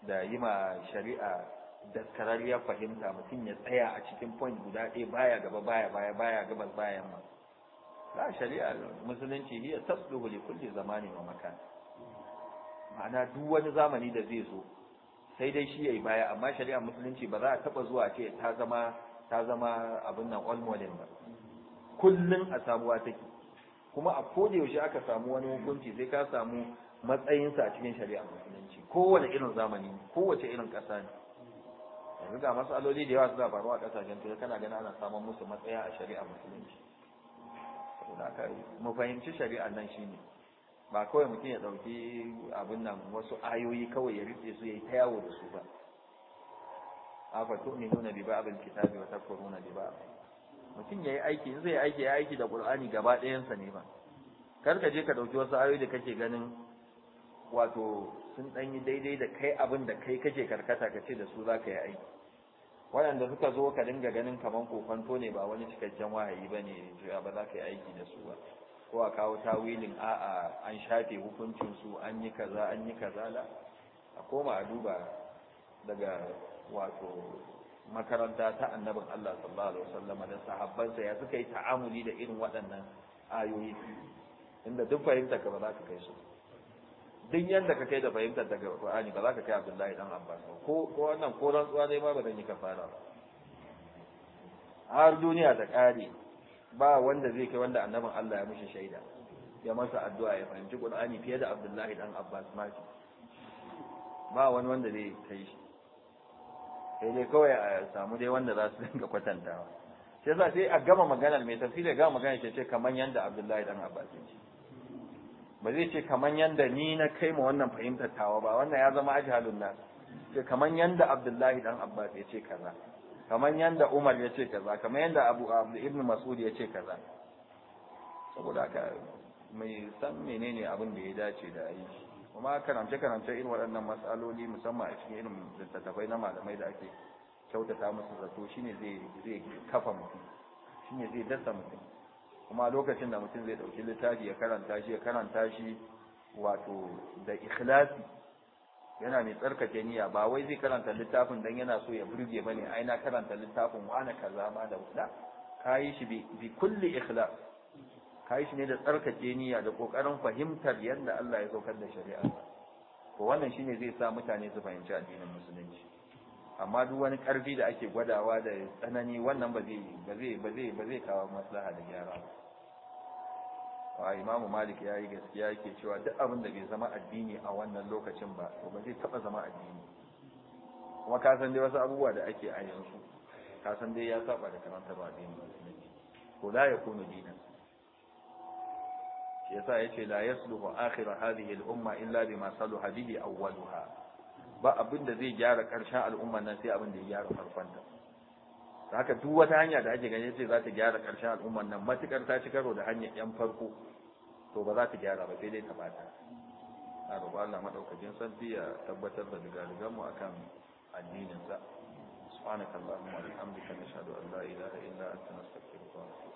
da yi ma shari'a ya fahimta mutum ya tsaya a cikin point guda ɗaya baya gaba baya baya baya gaba bayan ma la shari'a musulunci hiya tasluhu li kulli zamani wa makan ma'ana duk wani zamani da zai zo sai dai shi yayi baya amma shari'a musulunci ba za a taba zuwa ce ta zama ta zama abin nan all modern ba Kullum a sabuwa take kuma a koda yaushe aka samu wani hukunci sai ka samu matsayinsa a cikin shari'a musulunci kowane irin zamani kowace irin ƙasa ne yanzu ga matsaloli da yawa suna faruwa a ƙasashen turai kana gani ana samun musu matsaya a shari'a musulunci mu fahimci shari'ar nan shine ba kawai mutum ya ɗauki abin nan wasu ayoyi kawai ya rufe su ya yi ta yawo da su ba A ne nuna bi ba abin kitabi wa na bi abin mutum ya yi aiki in zai aiki ya aiki da ƙur'ani gaba ɗayansa ne ba kar ka je ka ɗauki wasu ayoyi da kake ganin wato sun ɗan yi daidai da kai abin da kai kake karkata ka ce da su za ka yi aiki waɗanda suka zo ka dinga ganin kamar kofanto ne ba wani cikakken wahayi ba ne ba za ka yi aiki da su ba ko a kawo tawilin a'a an shafe hukuncin su an yi kaza an yi kaza la a koma a duba daga wato makaranta ta annabin Allah sallallahu alaihi wasallam da sahabbansa ya suka yi ta'amuli da irin waɗannan ayoyi inda duk fahimta ka ba za ka kai su duk yanda ka kai da fahimtar daga Qur'ani ba za ka kai Abdullahi dan Abbas ko ko wannan ko rantsuwa dai ma ba zan yi kafara ba har duniya ta kare ba wanda zai kai wanda annabin Allah ya mishi shaida ya masa addu'a ya fahimci Qur'ani fiye da Abdullahi dan Abbas ma ba wani wanda zai kai shi sai dai kawai a samu dai wanda za su dinga kwatantawa sai za sai a gama maganar mai tafsiri gama maganar ce ce kamar yanda Abdullahi dan Abbas ce ba zai ce kamar yanda ni na kai ma wannan fahimtar tawa ba wannan ya zama ajhalun nas ce kamar yanda Abdullahi dan Abbas ya ce kaza kamar yanda Umar ya ce kaza kamar yanda Abu Ibn Mas'ud ya ce kaza saboda haka mai san menene abin da ya dace da aiki kuma karance karance irin waɗannan matsaloli musamman a cikin irin littattafai na malamai da ake kyautata musu zato shine zai zai kafa mutum shine zai dasa mutum kuma lokacin da mutum zai ɗauki littafi ya karanta shi ya karanta shi wato da ikhlasi yana mai tsarkake niyya ba wai zai karanta littafin dan yana so ya burge bane ai na karanta littafin wa ana kaza ma da wuda kayi shi bi kulli ikhlas kai shi ne da tsarkake niyya da kokarin fahimtar yadda Allah ya saukar da shari'a Ko wannan shine zai sa mutane su fahimci addinin musulunci amma duk wani karfi da ake gwadawa da tsanani wannan ba zai ba zai ba zai ba zai kawo maslaha da gyara ba wa imamu malik yayi gaskiya yake cewa duk abin da bai zama addini a wannan lokacin ba to ba zai taba zama addini kuma ka san dai wasu abubuwa da ake a yanzu ka san dai ya saba da karanta ba addini musulunci ko la yakunu dinan yasa yace la yasluhu akhir hadhihi al-umma illa bima saluha bihi awwaluha ba abinda zai gyara karshen al'umma nan sai abinda ya gyara farkonta haka duk wata hanya da ake ganin sai za ta gyara karshen al'umma nan matukar ta ci karo da hanyar yan farko to ba za ta gyara ba sai dai ta bata a roƙo Allah madaukakin sarki ya tabbatar da digaligan mu akan addinin sa subhanakallahumma wa bihamdika nashhadu an la ilaha illa anta nastaghfiruka wa natubu